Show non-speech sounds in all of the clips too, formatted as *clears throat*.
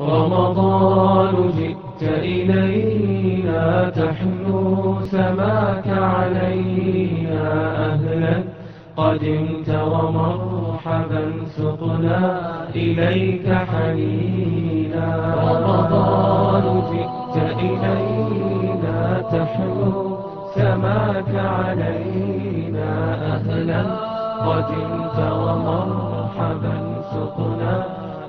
رمضان جئت إلينا تحنو سماك علينا أهلا قدمت ومرحبا سقنا إليك حنينا رمضان جئت إلينا تحنو سماك علينا أهلا قدمت ومرحبا سقنا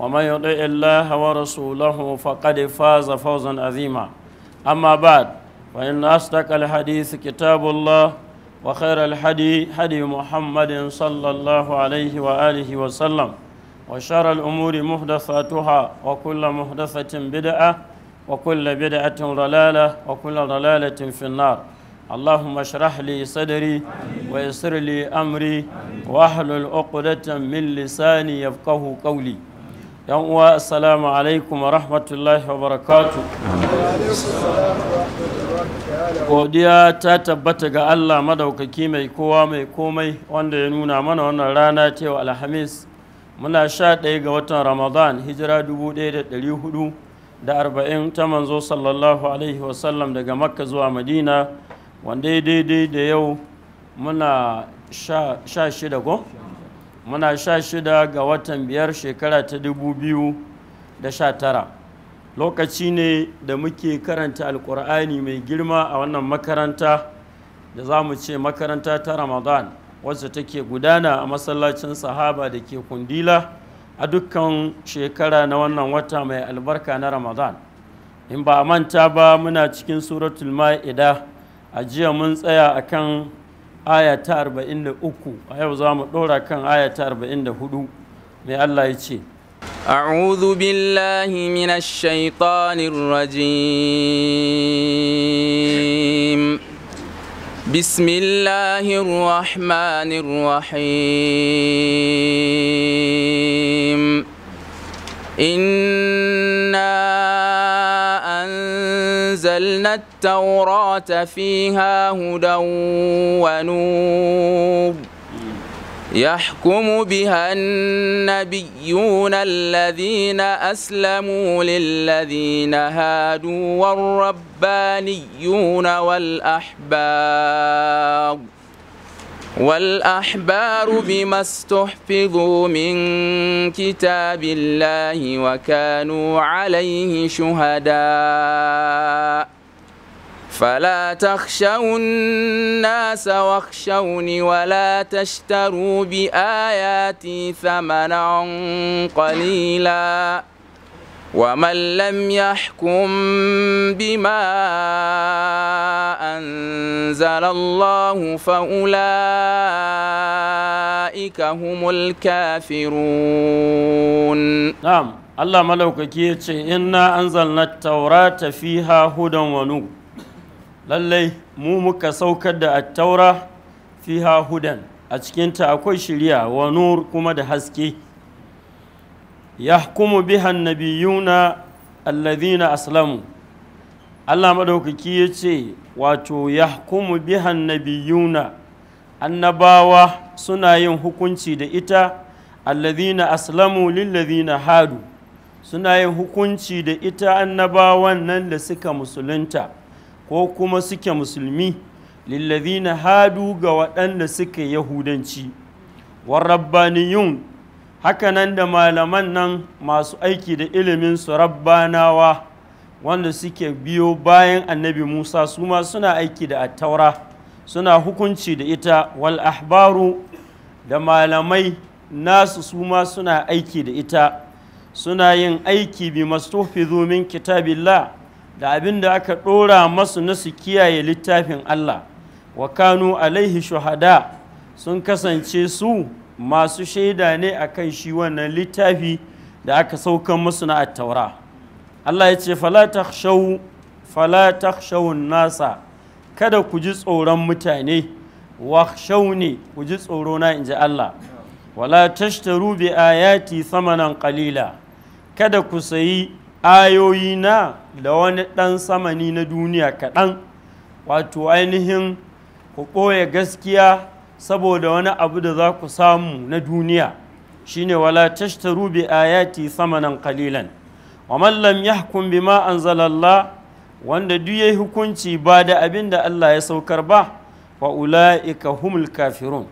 ومن يطع الله ورسوله فقد فاز فوزا عظيما أما بعد فإن أصدق الحديث كتاب الله وخير الحدي هدي محمد صلى الله عليه وآله وسلم وشر الأمور محدثاتها وكل محدثة بدعة وكل بدعة ضلالة وكل ضلالة في النار اللهم اشرح لي صدري ويسر لي أمري واحلل عقدة من لساني يفقه قولي yan uwa assalamu alaikum wa rahmatullahi wa barakatu godiya ta tabbata ga allah madaukaki mai kowa mai komai wanda ya nuna mana wannan rana ta alhamis muna sha ɗaya ga watan ramadan hijira da da hudu arba'in ta manzo sallallahu alaihi wasallam daga makka zuwa madina wanda ya daidai da yau muna sha shida ko? muna sha shida ga watan biyar shekara ta dubu biyu da sha tara lokaci ne da muke karanta alkur'ani mai girma a wannan makaranta da za mu ce makaranta ta ramadan wacce take gudana a masallacin sahaba da ke kundila a dukkan shekara na wannan wata mai albarka na ramadan in ba a manta ba muna cikin suratul ma'ida a jiya mun tsaya akan aya ta 43 a yau za mu ɗora kan aya ta 44 mai Allah ya ce أعوذ بالله من الشيطان الرجيم بسم الله الرحمن الرحيم إِنَّا أنزلنا التوراة فيها هدى ونور يحكم بها النبيون الذين أسلموا للذين هادوا والربانيون والأحباب والأحبار بما استحفظوا من كتاب الله وكانوا عليه شهداء فلا تخشوا الناس واخشوني ولا تشتروا بآياتي ثمنا قليلاً ومن لم يحكم بما أنزل الله فأولئك هم الكافرون نعم الله ملوك كيتي إنا أنزلنا التوراة فيها هدى ونور للي مو مكا سوكد التوراة فيها هدى أتكنت أكوي شريعة ونور كما دهسكي yahkumu bihan nabiyuna alladhina aslamu Allah madaukaki yace wato yahkumu bihan nabiyuna annabawa suna yin hukunci da ita alladhina aslamu lilladhina hadu suna yin hukunci da ita annabawan nan da suka musulunta ko kuma suke musulmi lilladhina hadu ga waɗanda suke yahudanci warabbaniyun hakanan da malaman nan masu aiki da ilimin su rabbanawa wanda suke biyo bayan annabi musa su ma suna aiki da attaura suna hukunci da ita wal ahbaru da malamai nasu su ma suna aiki da ita suna yin aiki bi mastufizu min kitabillah da abin da aka ɗora masu na su kiyaye littafin Allah wa kanu alaihi shuhada sun kasance su masu shaida ne a kan shi wannan littafi da aka saukan musu na attaura Allah ya ce fala shawun nasa kada ku ji tsoron mutane wakhshawni ku ji tsoro na inji Allah wala tashtaru bi ayati samanan kalila kada ku sayi ayoyi na da wani ɗan samani na duniya kaɗan wato ainihin ku ɓoye gaskiya saboda wani abu da za ku samu na duniya shine wala tashtaru bi ayati samanan qalilan wa man lam yahkum bima anzalallah wanda duk yayi hukunci ba da abin da Allah ya saukar ba fa ulaika humul kafirun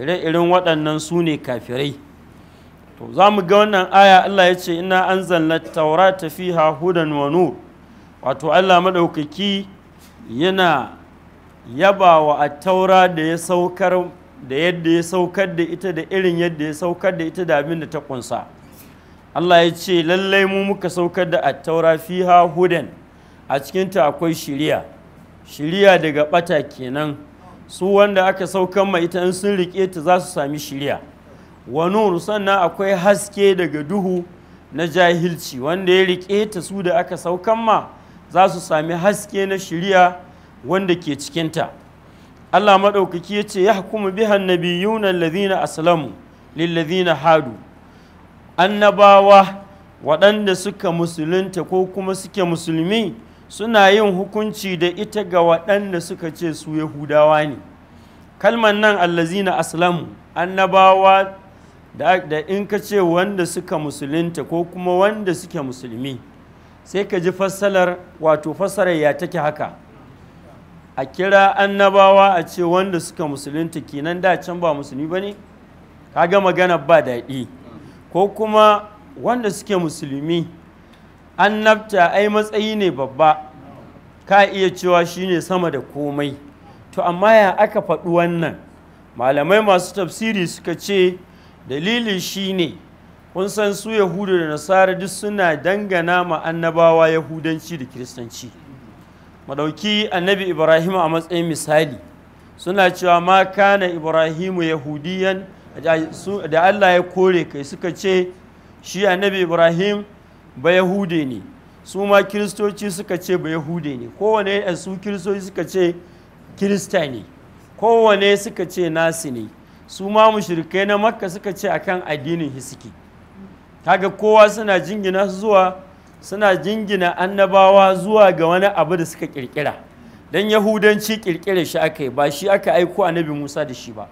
ire irin waɗannan su ne kafirai to za mu ga wannan aya Allah ya ce ina anzalna taurata fiha hudan wa nur wato Allah madaukaki yana yaba wa attaura da ya saukar da yadda ya saukar da ita da irin yadda ya saukar da ita da abin da ta kunsa Allah ya ce lallai mu muka saukar da attaura fiha hudan a cikinta akwai shiriya shiriya daga bata kenan su wanda aka saukar ma ita in sun riƙe ta za su sami shiriya wa nur sannan akwai haske daga duhu na jahilci wanda ya riƙe ta su da aka saukar ma za su sami haske na shiriya wanda ke cikinta Allah maɗaukaki ya ce ya hukumu bihan nabiyuna alladhina aslamu lazina hadu annabawa waɗanda suka musulunta ko kuma suke musulmi suna yin hukunci da ita ga waɗanda suka ce su yahudawa ne kalman nan allazina aslamu annabawa da, da in ka ce wanda suka musulunta ko kuma wanda suke musulmi sai ka ji fassalar wato fassarar ya take haka a kira annabawa a ce wanda suka musulunta kenan da can ba musulmi ba ne ga magana ba daɗi ko kuma wanda suke musulmi annabta ai matsayi ne babba ka iya cewa shi ne sama da komai to amma ya aka faɗi wannan malamai masu tafsiri suka ce dalili ne kun san su yahudu da nasara duk suna dangana ma annabawa yahudanci da kiristanci madauki annabi ibrahim a matsayin misali suna cewa ma kana ibrahimu yahudiyan da allah ya kore kai suka ce shi annabi ibrahim ba yahude ne su ma kiristoci suka ce ba yahude ne kowane su kiristoci suka ce kirista ne kowane suka ce nasi ne su ma mushrikai na makka suka ce akan addinin hisiki kaga kowa suna jingina zuwa suna jingina annabawa zuwa ga wani abu da suka kirkira don yahudanci kirkira shi aka yi ba shi aka aiko annabi musa da shi ba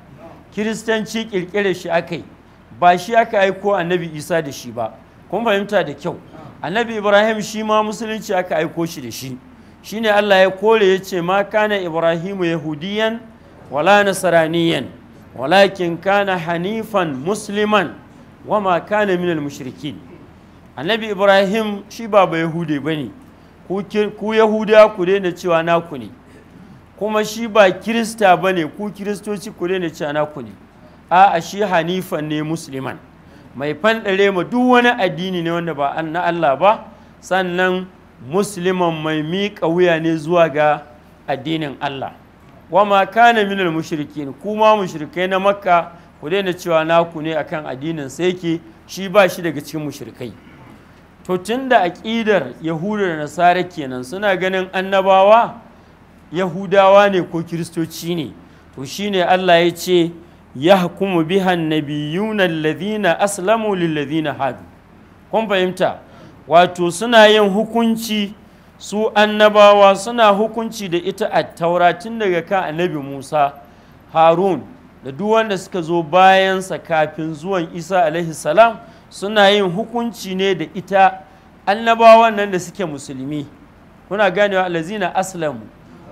kiristanci kirkira shi aka ba shi aka aiko annabi isa da shi ba kun fahimta da kyau annabi ibrahim shi ma musulunci aka aiko shi da shi shine allah ya kore ya ce ma kana ibrahimu yahudiyan wala nasaraniyan walakin kana hanifan musliman wama kana minal mushrikin annabi ibrahim shi ba ba yahude ba ne ku yahuda ku daina cewa naku ne kuma shi ba kirista ba ne ku kiristoci ku daina cewa naku ne a'a shi hanifan ne musliman mai fanɗare ma duk wani addini ne wanda ba na allah ba sannan musliman mai miƙa wuya ne zuwa ga addinin allah wama kana minal mushrikin kuma mushrikai na makka ku daina cewa naku ne akan addinin sai ke shi ba shi daga cikin mushrikai to da aƙidar yahuda da nasara kenan suna ganin annabawa yahudawa ne ko kiristoci ne to shine Allah ya ce ya yahkumu bihan annabiyuna Ladina, aslamu lilladhina hadu kun fahimta wato suna yin hukunci su annabawa suna hukunci da ita a tauratin daga kan annabi Musa Harun da duk wanda suka zo bayansa kafin zuwan Isa alaihi salam suna yin hukunci ne da ita annabawa nan da suke musulmi kuna ganewa alazina aslamu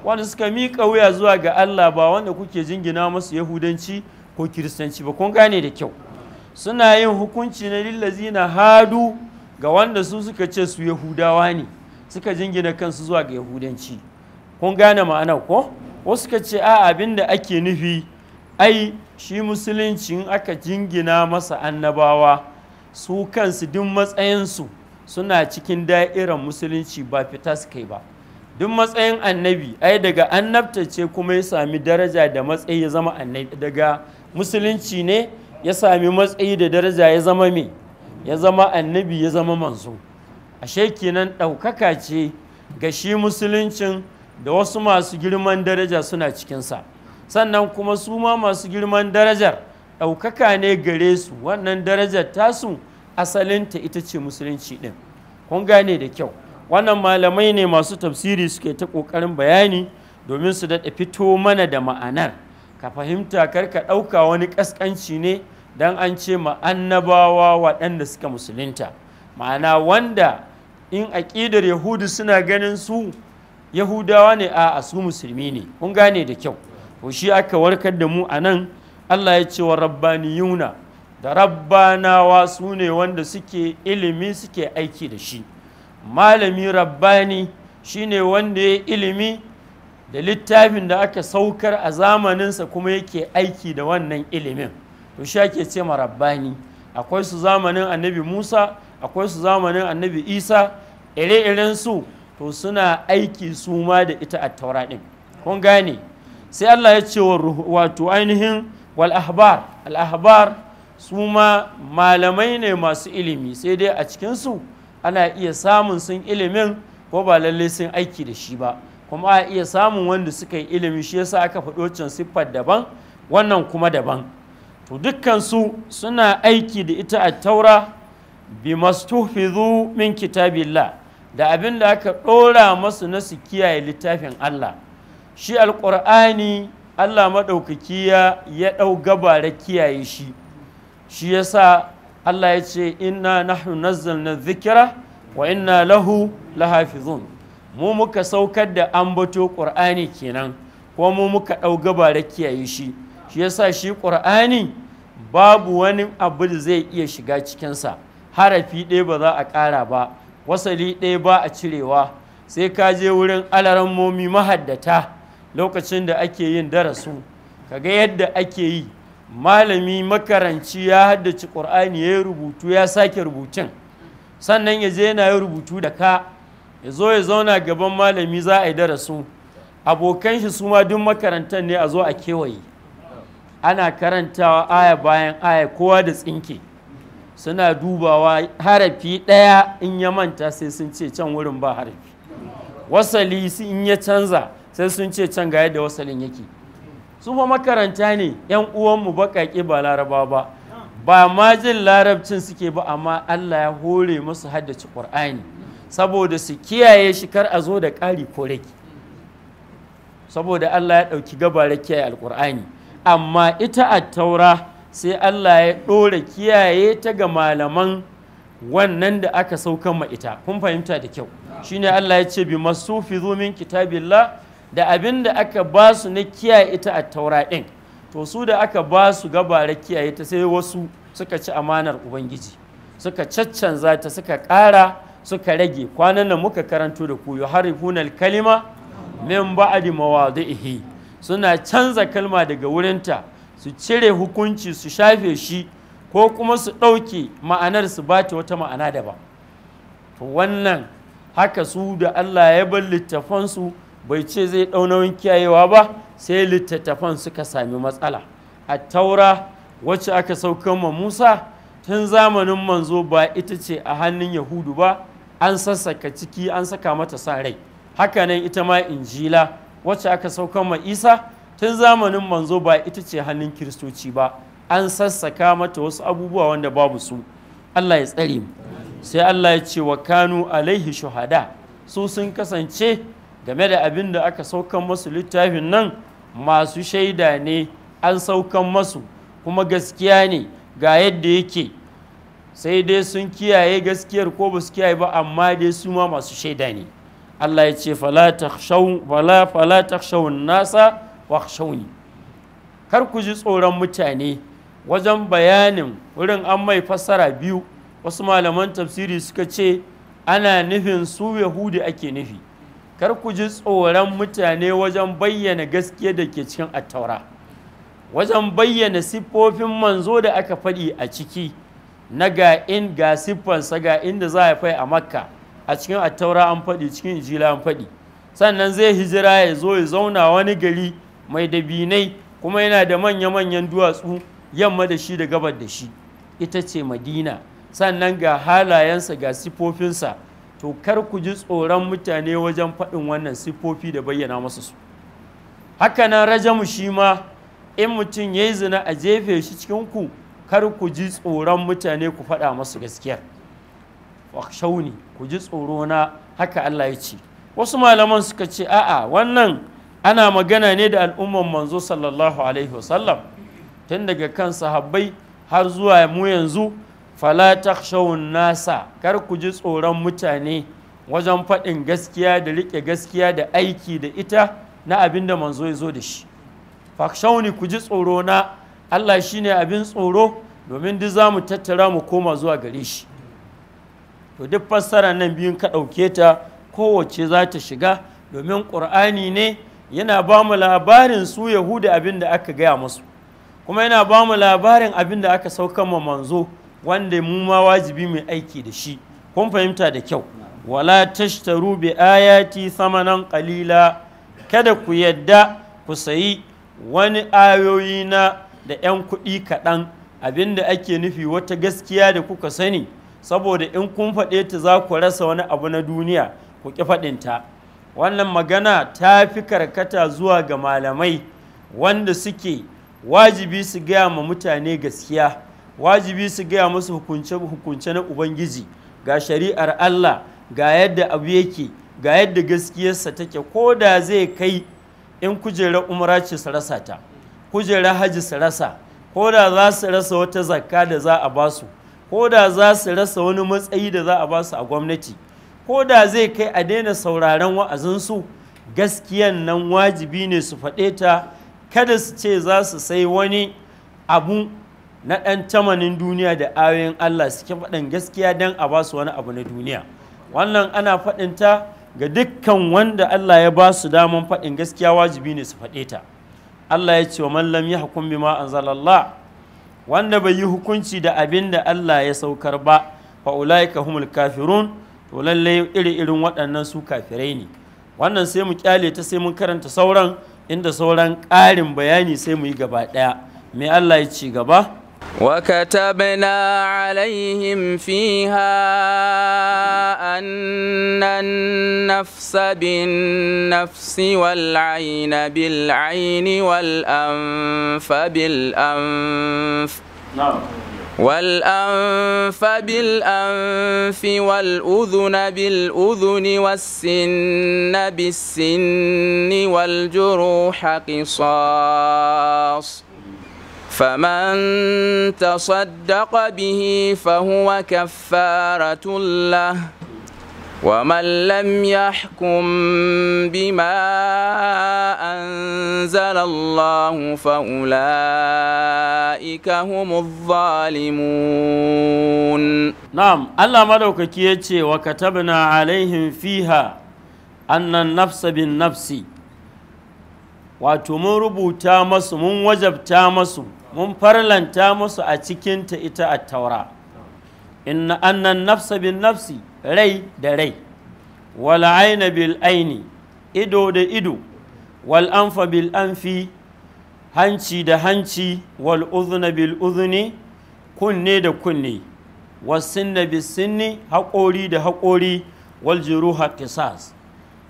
wanda suka miƙa wuya zuwa ga Allah ba wanda kuke jingina masu yahudanci ko kiristanci ba kun gane da kyau suna yin hukunci na lillazina hadu ga wanda su suka ce su yahudawa ne suka jingina kansu zuwa ga yahudanci kun gane ma'ana ko wasu suka ce a abin da ake nufi ai shi musulunci aka jingina masa annabawa su kansu duk matsayinsu suna cikin da'irar musulunci ba fita su kai ba duk matsayin annabi ai daga annabta ce kuma ya sami daraja da matsayi ya zama annabi daga musulunci ne ya sami matsayi da daraja ya zama me ya zama annabi ya zama manzo ashe kenan ɗaukaka ce ga shi musuluncin da wasu masu girman daraja suna cikinsa sannan kuma su ma masu girman darajar ɗaukaka ne gare su wannan darajar tasu asalinta ita ce musulunci ɗin kun gane da kyau wannan malamai ne masu tafsiri suke ta ƙoƙarin bayani domin su daɗa fito mana da ma'anar ka fahimta kar ka ɗauka wani ƙasƙanci ne don an ce ma'annabawa waɗanda suka musulunta ma'ana wanda in aƙidar yahudu suna ganin su yahudawa ne a su musulmi ne kun gane da kyau to shi aka warkar da mu a nan Allah ya ce wa yuna da rabbanawa su ne wanda suke ilimi suke aiki da shi malami rabbani ne wanda ya ilimi da littafin da aka saukar a zamaninsa kuma yake aiki da wannan ilimin to shi ake ce ma rabbani akwai su zamanin annabi musa akwai su zamanin annabi isa ire-iren su to suna aiki su ma da ita a taura ɗin kun gane sai allah ya ce wato ainihin wal ahbar al ahbar su ma malamai ne masu ilimi sai dai a cikinsu ana iya samun sun ilimin ko ba lalle sun aiki da shi ba kuma a iya samun wanda suka yi ilimi shi yasa aka faɗo can siffar daban wannan kuma daban to dukkansu suna aiki da ita a taura bi mastuhfizu min kitabillah da abin da aka ɗora masu na su kiyaye littafin Allah shi alƙur'ani Allah maɗaukaki ya ɗau gabara kiyaye shi shi ya sa Allah ya ce inna nahnu nazzalna zikira wa inna lahu lahafizun mu muka saukar da an bato ƙur'ani kenan ko mu muka ɗau gabara kiyaye shi shi ya sa shi ƙur'ani babu wani abu da zai iya shiga cikinsa harafi ɗaya ba za a ƙara ba wasali ɗaya ba a cirewa sai ka je wurin momi mahaddata lokacin da ake yin darasu kaga yadda ake yi malami makaranci ya haddace ƙur'ani ya yi rubutu ya sake rubutun sannan ya je yana yi rubutu da ka ya zo ya zauna gaban malami za a yi darasu abokan shi su ma duk makarantar ne a zo a kewaye ana karantawa aya bayan aya kowa da tsinke suna dubawa harafi ɗaya in ya manta sai sun ce can wurin ba harafi wasali in ya canza sai sun ce can ga yadda wasalin yake su fa makaranta ne yan uwanmu baƙaƙe ba laraba ba ba ma jin larabcin suke ba amma Allah ya hore musu haddace Qur'ani saboda su kiyaye shi kar a zo da ƙari ko rake saboda Allah ya ɗauki gabara kiyaye alƙur'ani amma ita a taura sai Allah ya ɗora kiyaye ta ga malaman wannan da aka saukan ma ita kun fahimta da kyau shine Allah ya ce bi masufi zumin kitabillah da abin da aka ba su na kiyaye ita a taura ɗin to su da aka ba su gabara kiyaye ta sai wasu suka ci amanar ubangiji suka caccanza ta suka ƙara suka rage kwanan nan muka karanto da ku yuharifunal kalima min ba'di mawadhihi suna canza kalma daga wurinta su cire hukunci su shafe shi ko kuma su ɗauke ma'anar su ba ta wata ma'ana daban to wannan haka su da Allah ya bar littafansu bai ce zai ɗau kiyayewa ba sai littattafan suka sami matsala a taura wacce aka saukan ma musa tun zamanin manzo ba ita ce a hannun yahudu ba an sassaka ciki an saka mata sa rai haka nan ita ma injila wacce aka saukan ma isa tun zamanin manzo ba ita ce hannun kiristoci ba an sassaka mata wasu abubuwa wanda babu su allah ya tsare mu sai allah ya ce wa kanu alaihi shuhada su sun kasance game da abin da aka saukan masu littafin nan masu shaida ne an saukan masu kuma gaskiya ne ga yadda yake sai dai sun kiyaye gaskiyar ko ba su kiyaye ba amma dai su ma masu shaida ne Allah ya ce falatakshawun nasa wa shauni kar ku ji tsoron mutane wajen bayanin wurin an mai fassara biyu wasu malaman tafsiri suka ce ana nufin su yahudi ake nufi kar ku ji tsoron mutane wajen bayyana gaskiya da ke cikin attaura wajen bayyana siffofin manzo da aka faɗi a ciki na ga in ga siffansa ga inda za a fai a makka a cikin attaura an faɗi cikin jila an faɗi sannan zai hijira ya zo ya zauna wani gari mai dabinai kuma yana da manya-manyan duwatsu yamma da shi da gabar da shi ita ce madina sannan ga halayensa ga siffofinsa to kar ku ji tsoron mutane wajen faɗin wannan siffofi da bayyana masu su haka nan mu shi ma in mutum ya yi zina a jefe shi cikin ku kar ku ji tsoron mutane ku faɗa masu gaskiyar shauni ku ji tsoro na haka Allah ya ce wasu malaman suka ce a'a wannan ana magana ne da al'umman manzo sallallahu alaihi wasallam tun daga kan sahabbai har zuwa mu yanzu fala ta nasa kar ku ji tsoron mutane wajen faɗin gaskiya da riƙe gaskiya da aiki da ita na abin da manzo ya zo da shi fakshauni ku ji tsoro na Allah shi ne abin tsoro domin duk za mu tattara mu koma zuwa gare shi to duk fassara nan biyun ka ɗauke ta kowace za ta shiga domin ƙur'ani ne yana ba mu labarin su yahuda abin da aka gaya musu kuma yana ba mu labarin abin da aka saukan ma manzo wanda mu ma wajibi mai aiki da shi kun fahimta da kyau wala tashtaru bi ayati samanan qalila kada ku yadda ku sayi wani ayoyi na da 'yan kuɗi kaɗan abinda ake nufi wata gaskiya da kuka sani saboda in kun faɗe ta za ku rasa wani abu na duniya ku ƙi faɗinta wannan magana ta fi karkata zuwa ga malamai wanda suke wajibi su gaya ma mutane gaskiya wajibi su gaya musu hukunce-hukunce na ubangiji ga shari'ar allah ga yadda abu yake ga yadda gaskiyarsa take ko da zai kai in kujerar umara ce su rasa ta kujerar haji su rasa ko da za su rasa wata zakka da za a ba ko da za su rasa wani matsayi da za a ba a gwamnati ko da zai kai a daina sauraron wa'azinsu gaskiyan nan wajibi ne su faɗe ta kada su ce za su sai wani abu na ɗan tamanin duniya da ayoyin Allah suke faɗin gaskiya don a ba su wani abu na duniya wannan ana faɗinta ga dukkan wanda Allah ya ba su daman faɗin gaskiya wajibi ne su faɗe ta Allah ya ce wa ya lam ma bima anzalallah wanda bai yi hukunci da abin da Allah ya saukar ba fa ka humul kafirun to lalle iri irin waɗannan su kafirai ne wannan sai mu kyale ta sai mun karanta sauran inda sauran ƙarin bayani sai mu yi gaba ɗaya me Allah ya ci gaba وكتبنا عليهم فيها أن النفس بالنفس والعين بالعين والأنف بالأنف نعم والأنف بالأنف والأذن بالأذن والسن بالسن والجروح قصاص فمن تصدق به فهو كفارة له ومن لم يحكم بما أنزل الله فأولئك هم الظالمون نعم الله ملوك كيتي وكتبنا عليهم فيها أن النفس بالنفس وتمربو تامس من وجب تامس mun farlanta musu a cikinta ita a taura inna annan nafsa bin nafsi rai da rai wal aina bil aini ido da ido wal anfa bil anfi hanci da hanci wal uzna bil uzni kunne da kunne sinna bis sinni haƙori da haƙori wal juruha qisas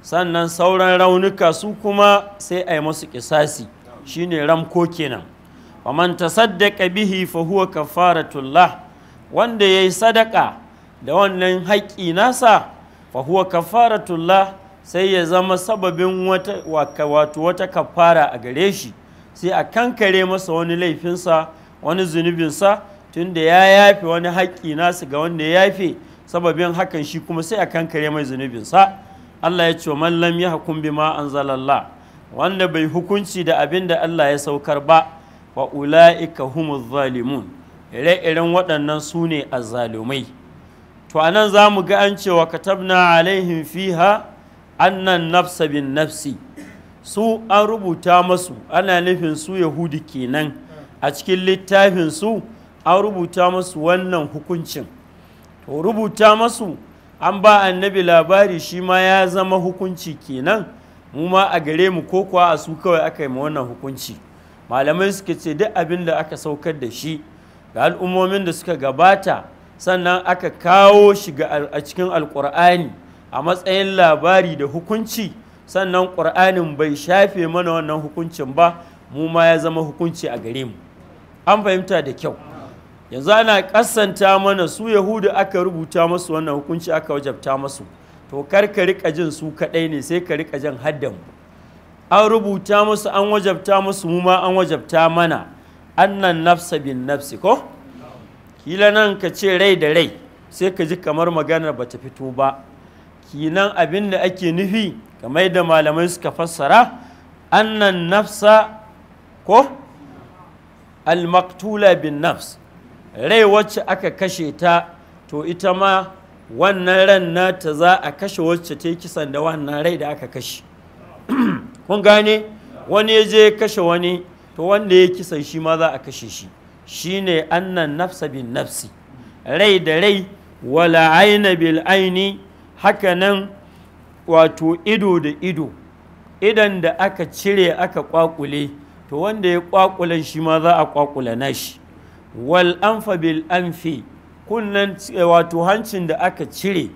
sannan sauran raunuka su kuma sai a yi musu ƙisasi shine ramko kenan wa man tasaddaqa bihi fa huwa kafaratullah wanda yayi sadaka da wannan haƙƙi nasa fa huwa kafaratullah sai ya zama sababin wata wato wata kafara a gare shi sai a kankare masa wani laifinsa wani zunubinsa tunda ya yafe wani haƙƙi nasa ga wanda ya yafe sababin hakan shi kuma sai a kankare mai zunubin sa Allah ya ce wa man lam yahkum bima anzalallah wanda bai hukunci da abinda Allah ya saukar ba wa ula'ika humuz zalimun ire-iren waɗannan su ne a zalumai. to anan za mu ga an cewa katabna alaihim fiha annan nafsa bin nafsi su an rubuta masu ana nufin su yahudi kenan a cikin littafin su an rubuta masu wannan hukuncin to rubuta masu an ba annabi labari shi ma ya zama hukunci kenan mu ma a gare mu ko kuwa a su kawai aka yi ma wannan hukunci malamai suka ce duk abin da aka saukar da shi ga al'ummomin da suka gabata sannan aka kawo shi a cikin alkur'ani a matsayin labari da hukunci sannan ƙur'anin bai shafe mana wannan hukuncin ba mu ma ya zama hukunci a gare mu an fahimta da kyau yanzu ana kasanta mana su yahudu aka rubuta masu wannan hukunci aka wajabta masu to kar ka rika jin su kaɗai ne sai ka rika jin haddan mu an rubuta musu an wajabta musu mu ma an wajabta mana annan nafsa bin nafsi ko kila nan ka ce rai da rai sai ka ji kamar maganar ta fito ba kinan abin da ake nufi kamar da malamai suka fassara annan nafsa ko almaktula bin nafs rai wacce aka kashe ta to ita ma wannan ran nata za a kashe wacce ta yi kisan da wannan rai da aka kashe kun gane wani ya je kashe wani to wanda ya kisa shi ma za a kashe shi shine annan nafsa bin nafsi rai da rai wala aina bil aini hakanan wato ido da ido idan da aka cire aka kwakule to wanda ya kwakula shi ma za a kwakule nashi wal anfa bil anfi kunnan eh, wato hancin da aka cire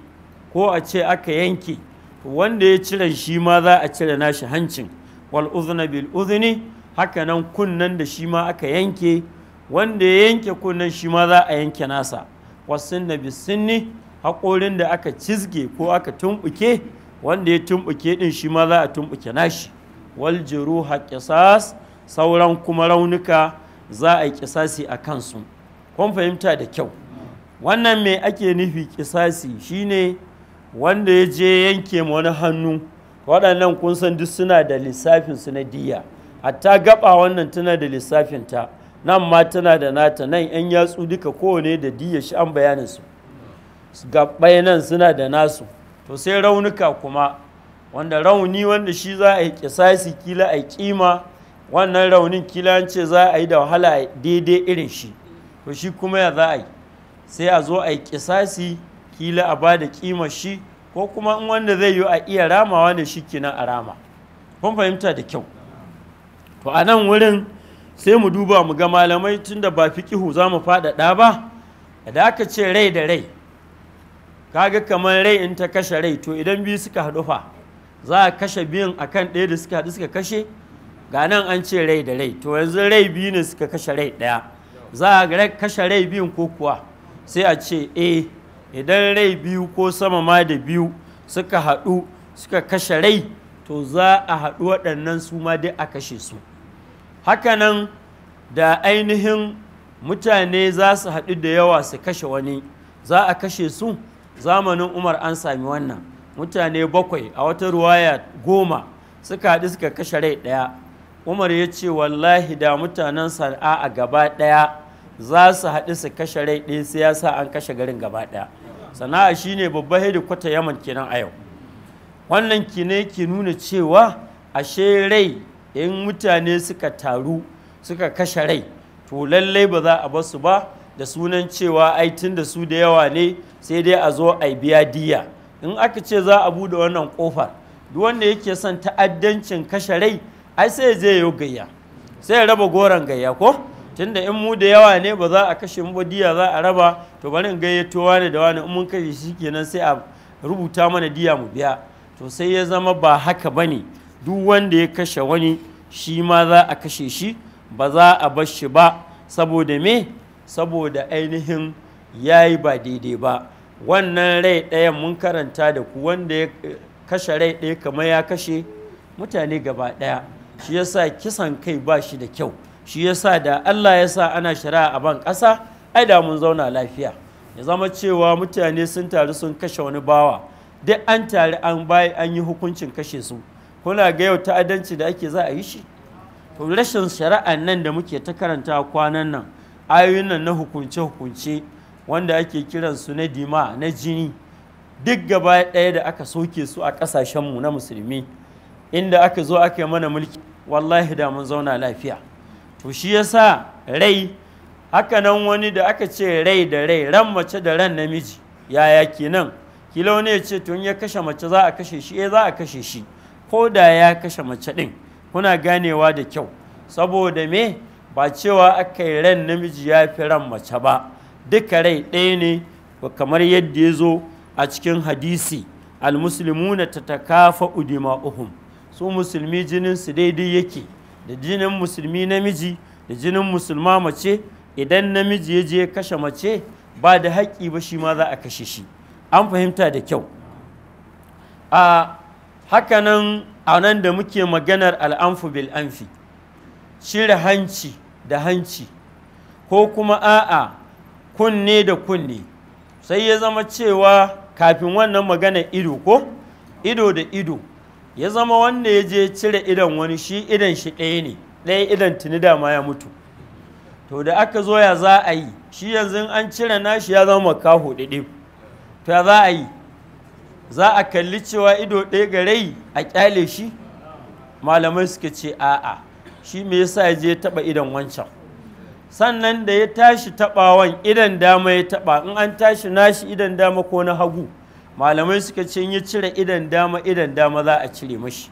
ko a ce aka yanke wanda ya cire shi ma za a cire nashi hancin wal uzna bil uzni haka nan kunnan da shi ma aka yanke wanda ya yanke kunnan shi ma za a yanke nasa wasu na sinni haƙorin da aka cizge ko aka tumbuke wanda ya tumbuke ɗin shi ma za a tumbuke nashi wal jiru qisas sauran kuma raunuka za a yi kisasi a kansu kun fahimta da kyau wannan me ake nufi kisasi shine wanda ya je yanke ma wani hannu waɗannan kun san duk suna da lissafin su na diya hatta gaba wannan tana da lissafin ta nan ma tana da nata nan yan yatsu duka kowane da diya shi an bayanin su gabai nan suna da nasu to sai raunuka kuma wanda rauni wanda shi za a yi kisasi kila a kima wannan raunin kila an ce za a yi da wahala daidai irin shi to shi kuma ya za a yi sai a zo a yi kisasi kila a ba da kima shi ko kuma in wanda zai yi a iya ramawa ne shi kenan a rama kun fahimta da kyau to a nan wurin sai mu duba mu ga malamai tun da ba fiƙihu za mu faɗaɗa ba da aka ce rai da rai kaga kamar rai in ta kashe rai to idan biyu suka haɗu fa za a kashe biyun akan ɗaya da suka haɗu suka kashe ga nan an ce rai da rai to yanzu rai biyu ne suka kashe rai ɗaya za a kashe rai biyun ko kuwa sai a ce eh idan rai biyu ko sama ma da biyu suka haɗu suka kashe rai to za a haɗu waɗannan su ma dai a kashe su hakanan da ainihin mutane za su haɗu da yawa su kashe wani za a kashe su zamanin umar an sami wannan mutane bakwai a wata ruwaya goma suka haɗu suka kashe rai ɗaya umar ya ce wallahi da mutanen sana'a a gaba ɗaya za su haɗu su kashe rai ɗaya sai ya sa an kashe garin gaba ɗaya sana'a shine babban kwata yaman kenan a yau wannan kine ke nuna cewa ashe rai in mutane suka taru suka kashe rai to lallai ba za a basu ba da sunan cewa ai tun da su da yawa ne sai dai a zo a biya diya in aka ce za a bude wannan kofar duk wanda yake son ta'addancin kashe rai ai sai zai yi gayya sai ya raba goron gayya ko tunda in mu da yawa ne ba za a kashe mu ba diya za a raba to bari in gayyato wani da wani in mun kashe shi kenan sai a rubuta mana diya mu biya to sai ya zama ba haka ba ne duk wanda ya kashe wani shi ma za a kashe shi ba za a bar shi ba saboda me saboda ainihin ya yi ba daidai ba wannan rai ɗaya mun karanta da ku wanda ya kashe rai ɗaya kamar ya kashe mutane gaba ɗaya shi yasa kisan kai ba shi da kyau shi ya sa da Allah ya sa ana shari'a a ban ƙasa ai da mun zauna lafiya ya zama cewa mutane sun taru sun kashe wani bawa duk an taru an bayi an yi hukuncin kashe su kuna ga yau ta'addanci da ake za a yi shi to rashin shari'a nan da muke ta karanta kwanan nan ayoyin nan na hukunce hukunce wanda ake kiran su na dima na jini duk gaba ɗaya da aka soke su a ƙasashenmu na musulmi inda aka zo aka yi mana mulki wallahi da mun zauna lafiya to shi ya sa rai haka nan wani da aka ce rai da rai ran mace da ran namiji yaya kenan kila wani ya ce tun ya kashe mace za a kashe shi eh za a kashe shi ko da ya kashe mace din kuna ganewa da kyau saboda me ba cewa aka yi ran namiji ya fi ran mace ba duka rai ɗaya ne kamar yadda ya zo a cikin hadisi na ta takafa udima'uhum su musulmi jinin su daidai yake da jinin musulmi namiji da jinin musulma mace idan namiji ya je kashe mace ba da haƙƙi ba shi ma za a kashe shi an fahimta da kyau a hakanan a nan da muke maganar al'amfu bil anfi cire hanci da hanci ko kuma a'a kunne da kunne sai ya zama cewa kafin wannan magana ido ko ido da ido ya zama wanda ya je cire idan wani shi idan shi ɗaya ne ɗaya idan tuni dama ya mutu to da aka zo ya za a yi shi yanzu an cire nashi ya zama makaho ɗiɗi to ya za a yi za a kalli cewa ido ɗaya ga rai a ƙyale shi malamai suka ce a'a shi me yasa ya je taɓa idan wancan sannan da ya tashi taɓawan idan dama ya taɓa in an tashi nashi idan dama ko na hagu malamai suka ce in ya cire idan dama idan dama za a cire mashi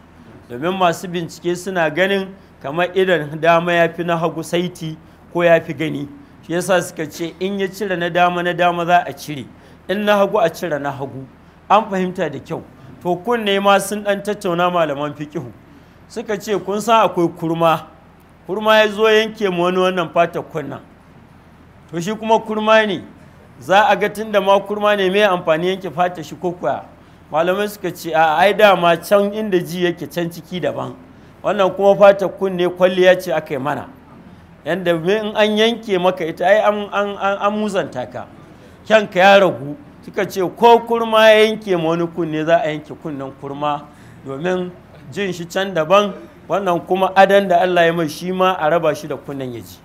domin masu bincike suna ganin kamar idan dama ya fi na hagu saiti ko ya fi gani shi yasa suka ce in ya cire na dama na dama za a cire in na hagu a cire na hagu an fahimta da kyau to kun ne ma sun dan tattauna malaman fikihu suka ce kun san akwai kurma kurma ya zo yanke mu wani wannan fata kunna to shi kuma kurma ne za a ga tunda ma kurma ne mai amfani yanke fata shi ko malamai suka ce a ai dama can inda ji yake can ciki daban wannan kuma fata kunne kwalliya ce aka yi mana yadda in an yanke maka ita ai an muzanta ka kyanka ya ragu suka ce ko kurma ya yanke ma wani kunne za a yanke kunnen kurma domin jin shi can daban wannan kuma adan da Allah ya mai shi ma a raba shi da kunnen ya ji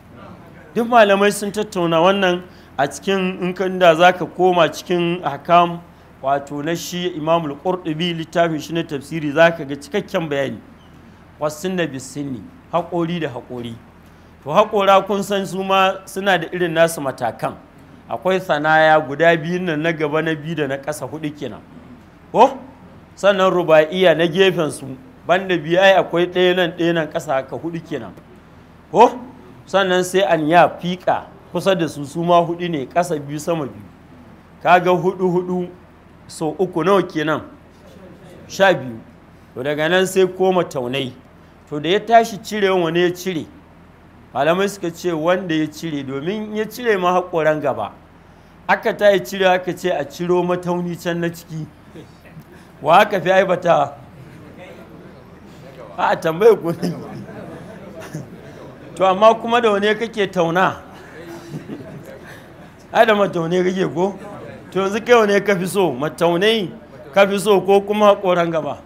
duk malamai sun tattauna wannan a cikin in kan da ka koma cikin hakam wato na shi imamul qurtubi littafin shi na tafsiri za ka ga cikakken bayani Wasu na bisini haƙori da haƙori to haƙora kun san su ma suna da irin nasu matakan akwai sanaya guda biyun nan na gaba na biyu da na ƙasa hudu kenan ko sannan ruba'iya na gefen su banda biyai akwai ɗaya nan ɗaya nan ƙasa haka hudu kenan ko sannan sai an ya fiƙa kusa da su su ma hudu ne ƙasa biyu sama biyu kaga hudu hudu sau uku nawa kenan sha biyu to daga nan sai koma taunai to da ya tashi cire wani ya cire malamai suka ce wanda ya cire domin ya cire ma haƙoran gaba aka ta yi cire aka ce a ciro matauni can na ciki wa aka fi aibata a tambaye ku *laughs* to amma kuma da wani kake tauna ai da mataunai kake ko to yanzu kai ne ka fi so mataunai ka fi so ko kuma haƙoran gaba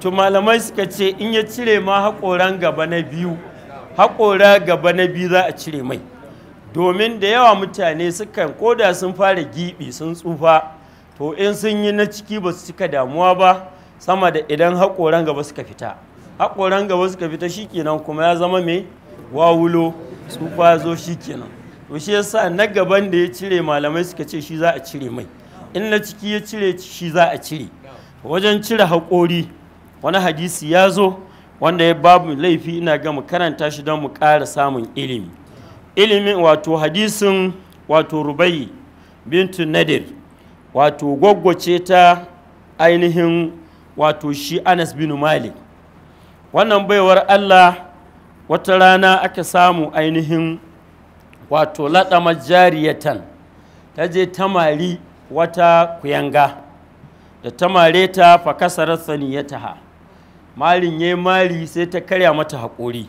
to malamai suka ce in ya cire ma haƙoran gaba na biyu haƙora gaba na biyu za a cire mai domin da yawa mutane sukan koda sun fara giɓi sun tsufa to in sun yi na ciki ba su cika damuwa ba sama da idan haƙoran gaba suka fita haƙoran gaba suka fita shi shikenan kuma ya zama mai wawulo su kwa zo shi kenan to shi yasa na gaban da ya cire malamai suka ce shi za a cire mai in na ciki ya cire shi za a cire wajen cire hakori wani hadisi ya zo wanda ya babu laifi ina ga mu karanta shi don mu ƙara samun ilimi ilimi wato hadisin wato rubai bintu nadir wato gwaggwace ta ainihin wato shi anas bin malik wannan baiwar allah wata rana aka samu ainihin wato laɗama jariyatan ta je tamari wata kuyanga da tamare ta fakasarar ha malin ya mari sai ta karya mata haƙori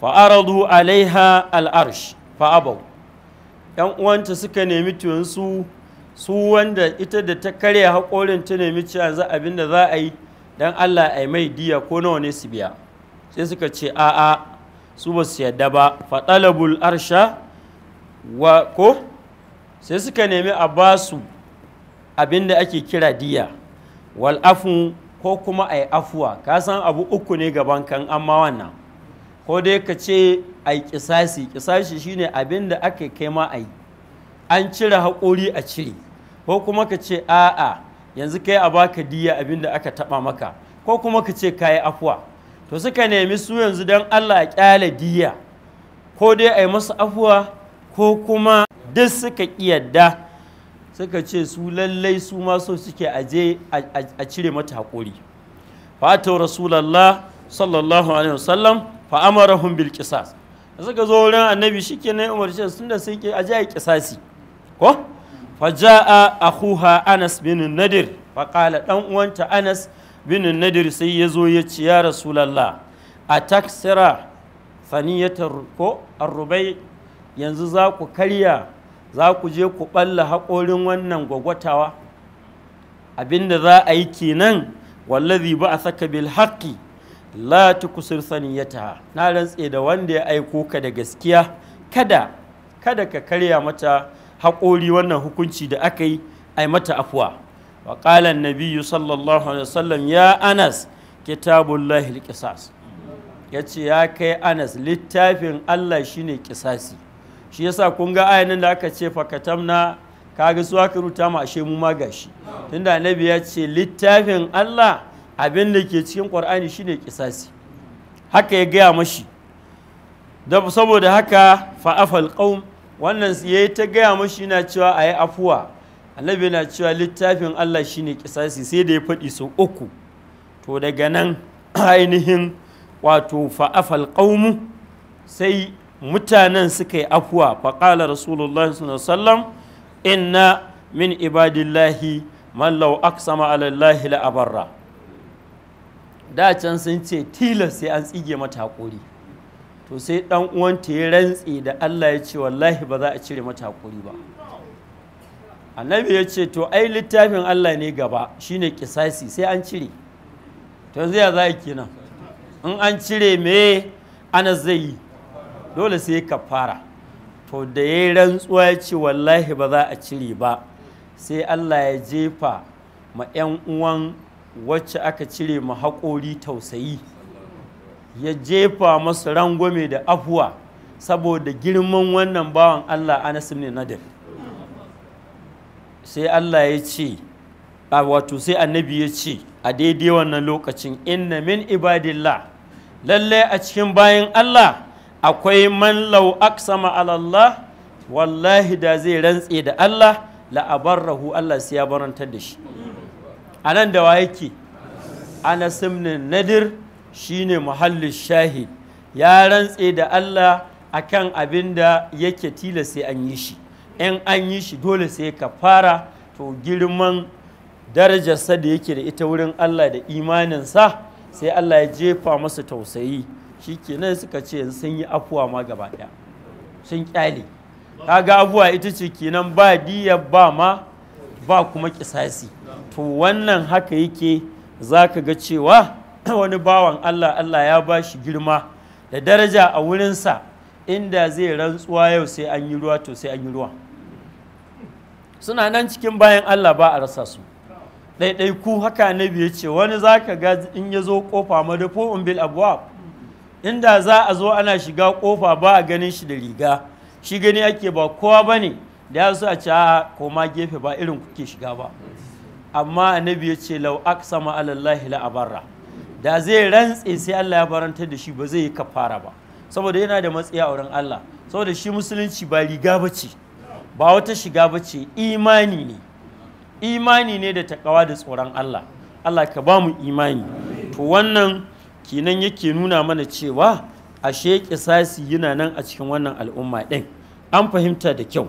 fa'aradu alaiha al'arsh fa'abau ‘yan uwanta suka nemi tuwansu su wanda ita da ta karya haƙorin ta nemi cewa za abin da za a yi don Allah a mai diya ko nawa ne su biya sai suka ce a'a su ba su yadda ba faɗalabul arsha wa ko sai suka nemi a ba su abin da ake kira diya wal afu ko kuma a yi afuwa ka san abu uku ne gaban kan amma wannan ko dai ka ce a yi kisasi shi shine abin da aka kai ma a yi an cire haƙori a cire ko kuma ka ce a'a yanzu kai a baka diya abin da aka taɓa maka ko kuma ka ce ka yi afuwa to suka nemi su yanzu don Allah ya kyale diya ko dai a yi masu afuwa ko kuma duk suka ƙiyadda suka ce su lallai su maso suke aje a cire mata haƙuri fata rasulallah sallallahu alaihi wasallam fa amarahum bil suka zo wurin annabi shikenan umarce sun da sun ke aje a kisasi ko fa jaa akhuha anas bin nadir fa qala dan uwanta anas bin nadir sai ya zo ya ce ya rasulallah a taksira saniyatar ko arrubai yanzu za ku karya za ku je ku ɓalla haƙorin wannan gwagwatawa abinda za a yi kenan wallazi ba a saka bil haƙƙi la kusur saniyata na rantse da wanda ya aiko ka da gaskiya kada kada ka karya mata haƙori wannan hukunci da aka yi ai mata afuwa وقال النبي صلى الله sallallahu alaihi يا ya anas الله القصاص yace ya kai anas littafin Allah shine kisasi shi yasa kun ga ayan da aka ce fakatamna kaga su aka rubuta mu ashe mu ma gashi tunda annabi ya ce littafin Allah abin da ke cikin Qur'ani shine kisasi haka ya gaya mashi da saboda haka fa'afal qaum wannan yayi ta gaya mashi yana cewa ayi afuwa annabi na cewa littafin Allah shi ne kisasi sai da ya faɗi sau uku to daga nan *clears throat* ainihin wato fa'afal qaumu sai mutanen suka yi afuwa faƙala rasulullah sallam inna min ibadillahi mallau law aqsama ala da can sun ce tilas sai an tsige mata hakuri to sai dan uwanta ya rantse da Allah ya ce wallahi ba za a cire mata hakuri ba annabi ya ce to ai littafin Allah ne gaba shine kisasi sai an cire to zai ya za kenan in an cire me ana zai yi dole sai kafara to da ya rantsuwa ya ce wallahi ba za a cire ba sai Allah ya jefa ma 'yan uwan wacce aka cire ma haƙori tausayi ya jefa masu rangwame da afuwa saboda girman wannan bawan Allah Anas ibn Nadir sai Allah ya ce wato sai annabi ya ce a daidai wannan lokacin inna min ibadillah lalle a cikin bayan Allah akwai man lau aksama Allah wallahi da zai rantse da Allah la'abarrahu Allah sai ya barantar da shi a nan da waye ke Anas ibn Nadir shine muhallin shahid ya rantse da Allah akan abin da yake tilasta an yi shi in an yi shi dole sai ka fara to girman darajarsa da yake da ita wurin Allah da imaninsa sai Allah ya jefa masa tausayi shi kenan suka ce sun yi afuwa ma gaba ɗaya sun ƙyale ga abuwa ita ce kenan ba diya ba ma ba kuma ƙisasi to wannan haka yake za ka ga cewa *clears throat* wani bawan Allah Allah ya ba shi girma da daraja a wurinsa inda zai rantsuwa yau sai an yi ruwa to sai an yi ruwa suna nan cikin bayan Allah ba a rasa su ɗaiɗaiku haka annabi ya ce wani za ka ga in ya zo ƙofa madafo in bil abuwa inda za a zo ana shiga ƙofa ba a ganin shi da riga shi gani ake ba kowa ba ne da ya so a ci a koma gefe ba irin kuke shiga ba amma annabi ya ce lau sama alallahi barra da zai rantse sai Allah ya barantar da shi ba zai yi kafara ba saboda yana da matsayi a wurin Allah saboda shi musulunci ba riga ba ce ba wata shiga ba ce imani ne imani ne da takawa da tsoron Allah Allah ka ba mu imani to wannan kenan yake nuna mana cewa ashe kisasi yana nan a cikin wannan al'umma ɗin an fahimta da kyau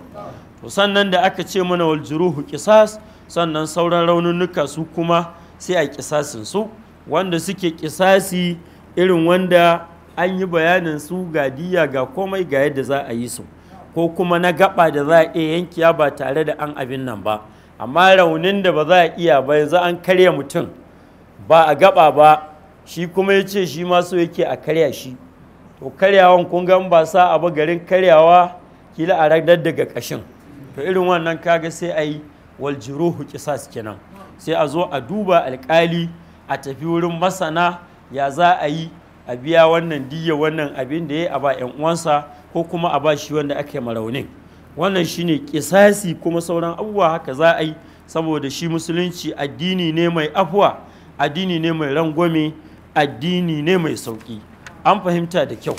to sannan da aka ce mana wal juruhu kisas sannan sauran raununuka su kuma sai a kisasin su wanda suke kisasi irin wanda an yi bayanin su ga ga komai ga yadda za a yi su ko kuma na gaba da za a iya yankiya ba tare da an abin nan ba amma raunin da ba za a iya ba yanzu an karya mutum ba a gaba ba shi kuma ya ce shi ma so yake a karya shi to karyawan kun gan ba sa abu garin karyawa kila a ragdar daga kashin to irin wannan kaga sai a yi waljiruhu kisas kenan sai a zo a duba alkali a tafi wurin masana ya za a yi a biya wannan diya wannan abin da ya yi a ba 'yan uwansa ko kuma a bashi wanda ake maraunin wannan shine kisasi kuma sauran abubuwa haka za a yi saboda shi musulunci addini ne mai afuwa addini ne mai rangwame addini ne mai sauki an fahimta da kyau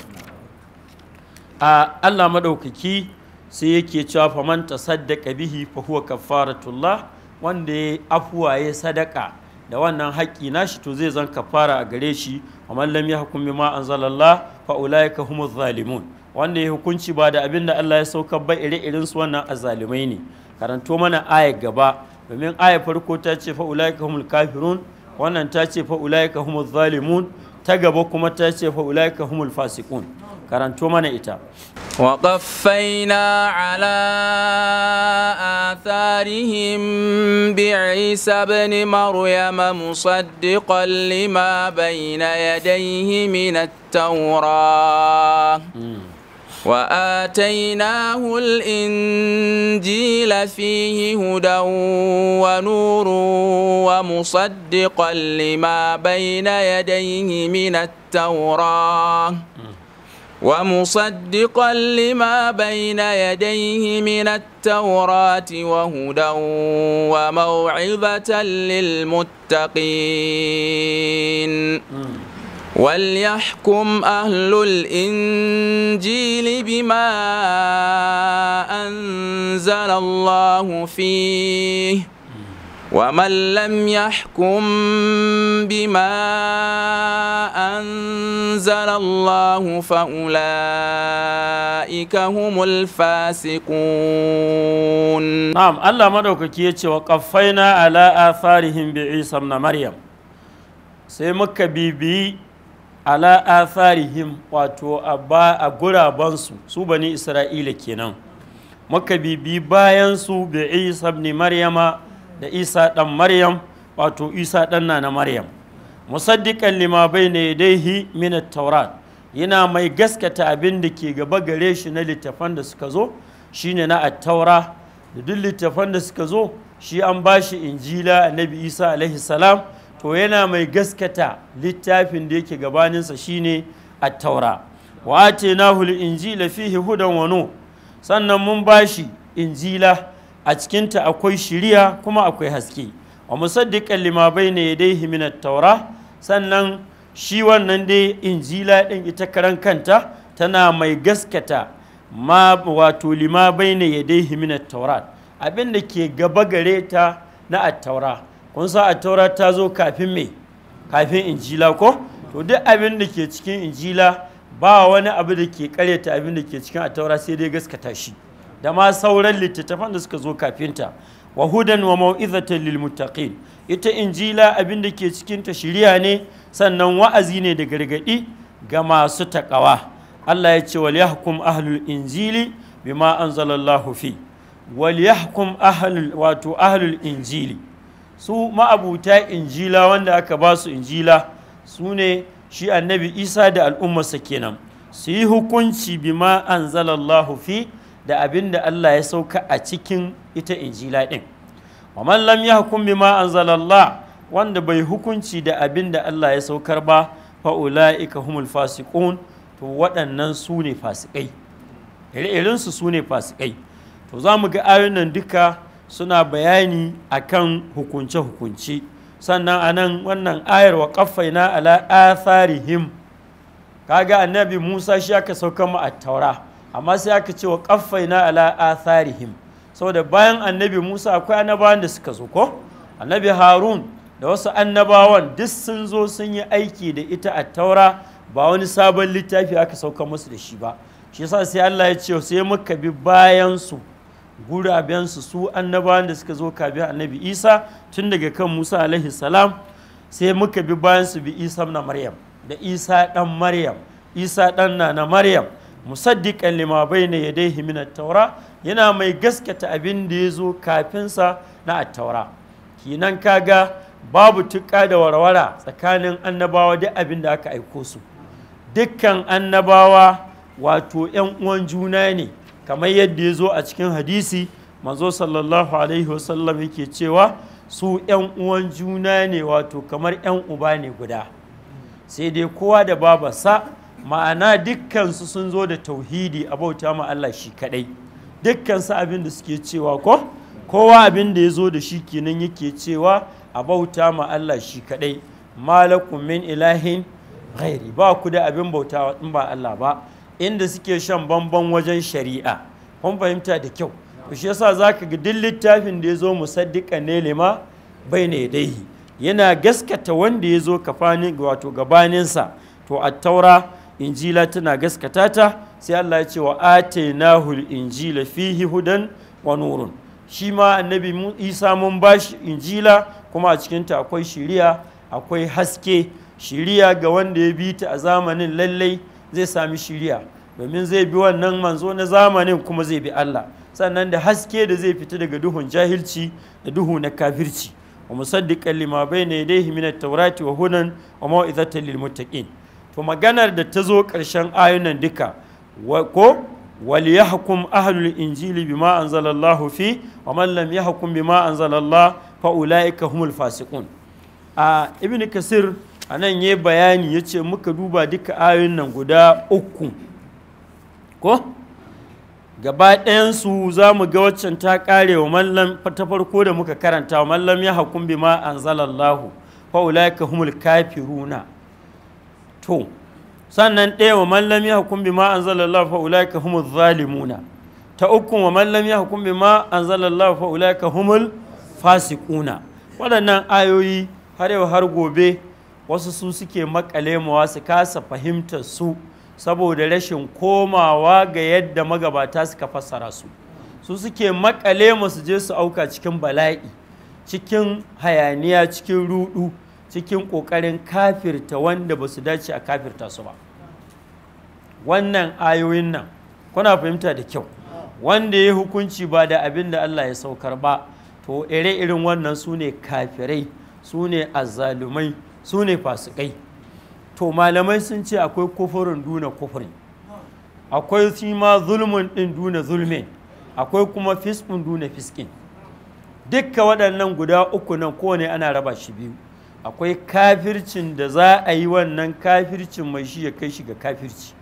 a allah maɗaukaki sai yake cewa famanta tasaddaqa bihi fa huwa kaffaratullah wanda ya afuwa ya sadaka da wannan haƙƙi nashi to zai zan kafara a gare shi wa man lam yahkum bima anzalallah fa ulaika humuz zalimun wanda ya hukunci ba da abin da Allah ya saukar ba ire irin su wannan azzalumai ne karanto mana aya gaba domin aya farko ta ce fa ulaika humul kafirun wannan ta ce fa ulaika humul zalimun ta gaba kuma ta ce fa ulaika humul fasiqun karanto mana ita wa qaffayna ala atharihim bi isa ibn maryama musaddiqan lima bayna yadayhi min at-taurah hmm. وآتيناه الإنجيل فيه هدى ونور ومصدقا لما بين يديه من التوراة ومصدقا لما بين يديه من التوراة وهدى وموعظة للمتقين وليحكم أهل الإنجيل بما أنزل الله فيه ومن لم يحكم بما أنزل الله فأولئك هم الفاسقون نعم الله مدوك كيتش وقفينا على آثارهم بعيسى ابن مريم سيمك بيبي ala atharihim wato a gurabansu su bani isra'ila kenan makabibi bayan su bi isa ibn maryama da isa dan maryam wato isa dan na maryam musaddiqan lima bayna ya min at-taurat yana mai gaskata abin da ke gaba gare shi na littafan da suka zo shine na at-taura da duk littafan da suka zo shi an ba bashi injila annabi isa alaihi salam to yana mai gaskata littafin da yake gabaninsa shine a taura wa na hul injila fihi hudan wano sannan mun ba shi injila a cikinta akwai shiriya kuma akwai haske wa musaddiqan Limabai ne yadayhi dai taura sannan shi wannan dai injila ɗin ita karan kanta tana mai gaskata ma wato lima ne ya dai at-taurat abinda ke gaba gare ta na a taura kun sa a taura ta zo kafin me kafin injila ko to duk abin da ke cikin injila ba wani abu da ke karyata abin da ke cikin a taura sai dai gaskata shi da ma sauran littattafan da suka zo kafinta wa hudan wa mau'izatan lil muttaqin ita injila abin da ke cikin ta shari'a ne sannan wa'azi ne da gargadi ga masu takawa Allah ya ce wal yahkum ahlul injili bima anzalallahu fi wal yahkum ahlul wato ahlul injili su ma'abuta injila wanda aka ba su injila su ne shi annabi isa da al'ummarsa kenan su yi hukunci bima zalallahu fi da abin Allah ya sauka a cikin ita injila ɗin waman lam ya ma an anzalallah wanda bai hukunci da abinda Allah ya saukar ba fa'ula'ika humul fasiqun to waɗannan su ne fasikai ire-irensu su ne fasikai to za mu ga ayoyin duka suna bayani akan hukunce-hukunce sannan anan wannan ayar wa ƙafaina ala atharihim kaga annabi Musa shi aka sauka mu a taura amma sai aka ce wa na ala atharihim saboda bayan annabi Musa akwai annabawan da suka zo ko annabi Harun da wasu annabawan duk sun zo sun yi aiki da ita a taura ba wani sabon littafi aka sauka musu da shi ba shi yasa sai Allah ya ce sai muka bi bayan su gurabensu su annabawan da suka zo kabi annabi isa tun daga kan musa alaihi salam sai muka bi bayan su bi isa na maryam da isa dan maryam isa dan na maryam musaddiqan lima bayna yadayhi min at-taura yana mai gaskata abin da ya zo kafin sa na at-taura kinan kaga babu tuƙa da warwara tsakanin annabawa da abin da aka aiko su dukkan annabawa wato 'yan uwan juna ne kamar yadda ya zo a cikin hadisi manzo sallallahu alaihi wasallam yake cewa su ‘yan uwan juna ne wato kamar ‘yan uba ne guda sai dai kowa da babarsa ma'ana dukkansu sun zo da tauhidi a bauta ma Allah shi kadai dukkansu abin da suke cewa ko kowa abin da ya zo da shi kenan yake cewa a bauta ma Allah shi kadai malakum min ilahin ghairi ba ku da abin bauta in ba Allah ba inda suke shan bamban wajen shari'a kun fahimta da kyau to shi yasa zaka ga duk littafin da ya yazo musaddiqa ne bai ya dai yana gaskata wanda yazo kafanin wato gabaninsa to at-taura injila tana gaskata ta sai Allah ya ce wa atainahu al-injila fihi hudan wa nurun shi ma annabi Isa mun bashi injila kuma a cikinta akwai shiriya akwai haske shiriya ga wanda ya bi ta a zamanin lallai zai sami shirya domin zai bi wannan manzo na zamanin kuma zai bi Allah sannan da haske da zai fita daga duhun jahilci da duhu na kafirci wa musaddiqan lima bayna yadayhi min at-taurati wa hunan wa mau'izatan lil muttaqin to maganar da ta zo ƙarshen ayunan duka ko wal yahkum ahlul injili bima anzalallahu fi wa man lam yahkum bima anzalallah fa ulaika humul fasiqun a ibn kasir a nan ya bayani ya ce muka duba duka ayoyin nan guda uku ko gaba ɗayansu za mu ga waccan ta ƙare wa mallam ta farko da muka karanta wa mallam ya hakun bi ma an zalallahu fa'ulaika humul kafiruna to sannan ɗaya wa mallam ya hakun bi ma an zalallahu fa'ulaika humul zalimuna ta uku wa mallam ya hakun bi ma an zalallahu fa'ulaika humul fasikuna waɗannan ayoyi har yau har gobe wasu su suke makale mawa su kasa fahimtar su saboda rashin komawa ga yadda magabata suka fassara su su suke makale su je su auka cikin bala'i cikin hayaniya cikin rudu cikin ƙoƙarin kafirta wanda ba su dace a kafirta su ba wannan ayoyin nan kuna fahimta da kyau wanda ya hukunci ba da abin da Allah ya saukar ba to ire irin wannan su ne kafirai su ne azzalumai su ne fasikai to malamai sun ce akwai kufurin duna kufuri akwai shi ma zulmin din duna zulmin akwai kuma fiskin duna fiskin dukka waɗannan guda uku nan kowane ana raba shi biyu akwai kafircin da za a yi wannan kafircin mai shi ya kai shi ga kafirci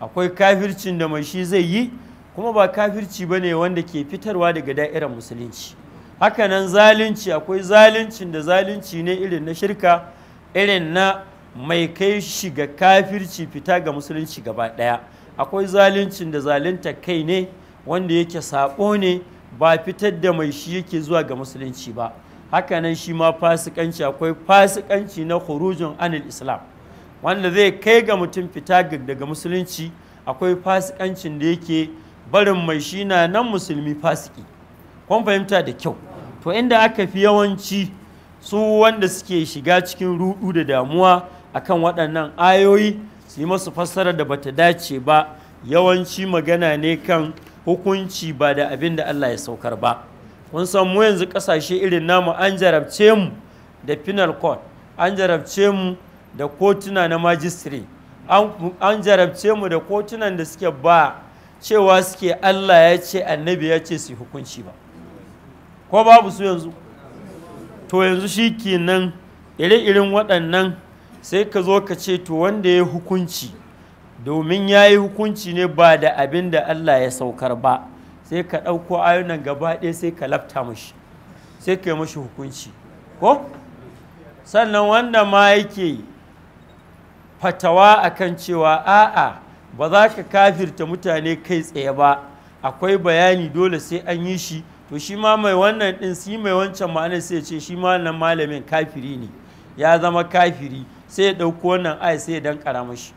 akwai kafircin da mai shi zai yi kuma ba kafirci ba ne wanda ke fitarwa daga da'irar musulunci hakanan zalunci akwai zalunci da zalunci ne irin na shirka irin na mai kai shiga kafirci fita ga musulunci gaba ɗaya akwai zaluncin da zalunta kai ne wanda yake saɓo ne ba fitar da mai shi yake zuwa ga musulunci ba hakanan shi ma fasikanci akwai fasikanci na khurujin anil islam wanda zai kai ga mutum fita daga musulunci akwai fasikancin da yake barin mai shi na nan musulmi fasiki kun fahimta da kyau to inda aka fi yawanci su wanda suke shiga cikin rudu da damuwa akan waɗannan ayoyi su yi masu fassara da bata dace ba yawanci magana ne kan hukunci ba da abin da Allah ya saukar ba kun san mu yanzu ƙasashe irin namu an jarabce mu da penal court an jarabce mu da kotuna na majistri an jarabce mu da kotunan da suke ba cewa suke Allah ya ce annabi ya ce su hukunci ba ko babu su yanzu to yanzu shi kenan ire-iren waɗannan sai ka zo ka ce to wanda ya hukunci domin ya yi hukunci ne ba da abin da Allah ya saukar ba sai ka ɗauko ayunan gaba ɗaya sai ka lafta mashi sai ka yi mashi hukunci ko sannan wanda ma yake fatawa akan cewa a'a ba za ka kafirta mutane kai tsaye ba akwai bayani dole sai an yi shi to shi ma mai wannan din si mai wancan ma'ana sai ce shi ma wannan malamin kafiri ne ya zama kafiri sai ya ɗauko wannan ai sai ya dankara mashi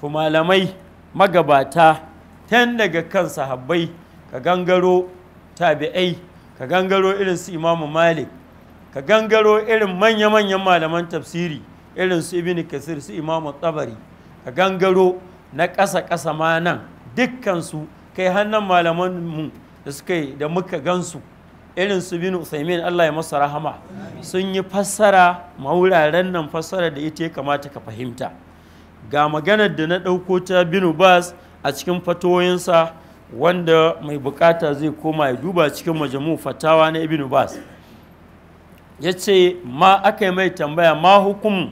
to malamai magabata tan daga kan sahabbai ka gangaro tabi'ai ka gangaro irin su imamu malik ka gangaro irin manya-manyan malaman tafsiri irin su ibn kasir su imamu tabari ka gangaro na ƙasa-ƙasa ma nan dukkansu kai hannun malaman mu da suka yi da muka gansu irin su bin Usaimin Allah ya masa rahama sun yi fassara wuraren nan fassara da ita ya kamata ka fahimta ga maganar da na ɗauko ta binu bas a cikin fatoyinsa wanda mai bukata zai koma ya duba cikin majamu fatawa na ibn bas ya ce ma aka yi mai tambaya ma hukumu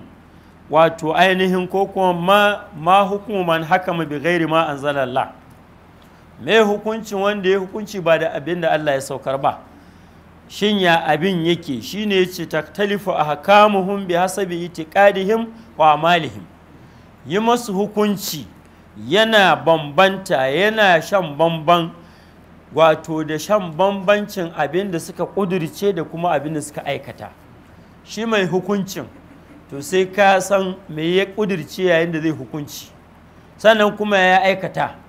wato ainihin ko kuma ma, hukumu man haka bi gairi ma an anzalallah Mai hukuncin wanda ya hukunci ba da abin da Allah ya saukar ba shin ya abin yake shine ce taktalifu hakamuhun bi hasabi itiqadihim wa amalihim yi masu hukunci yana bambanta yana shan bamban wato da shan bambancin abin da suka ƙudurce da kuma abin da suka aikata shi mai hukuncin to sai ka san me ya ƙudurce yayin da zai hukunci sannan kuma ya aikata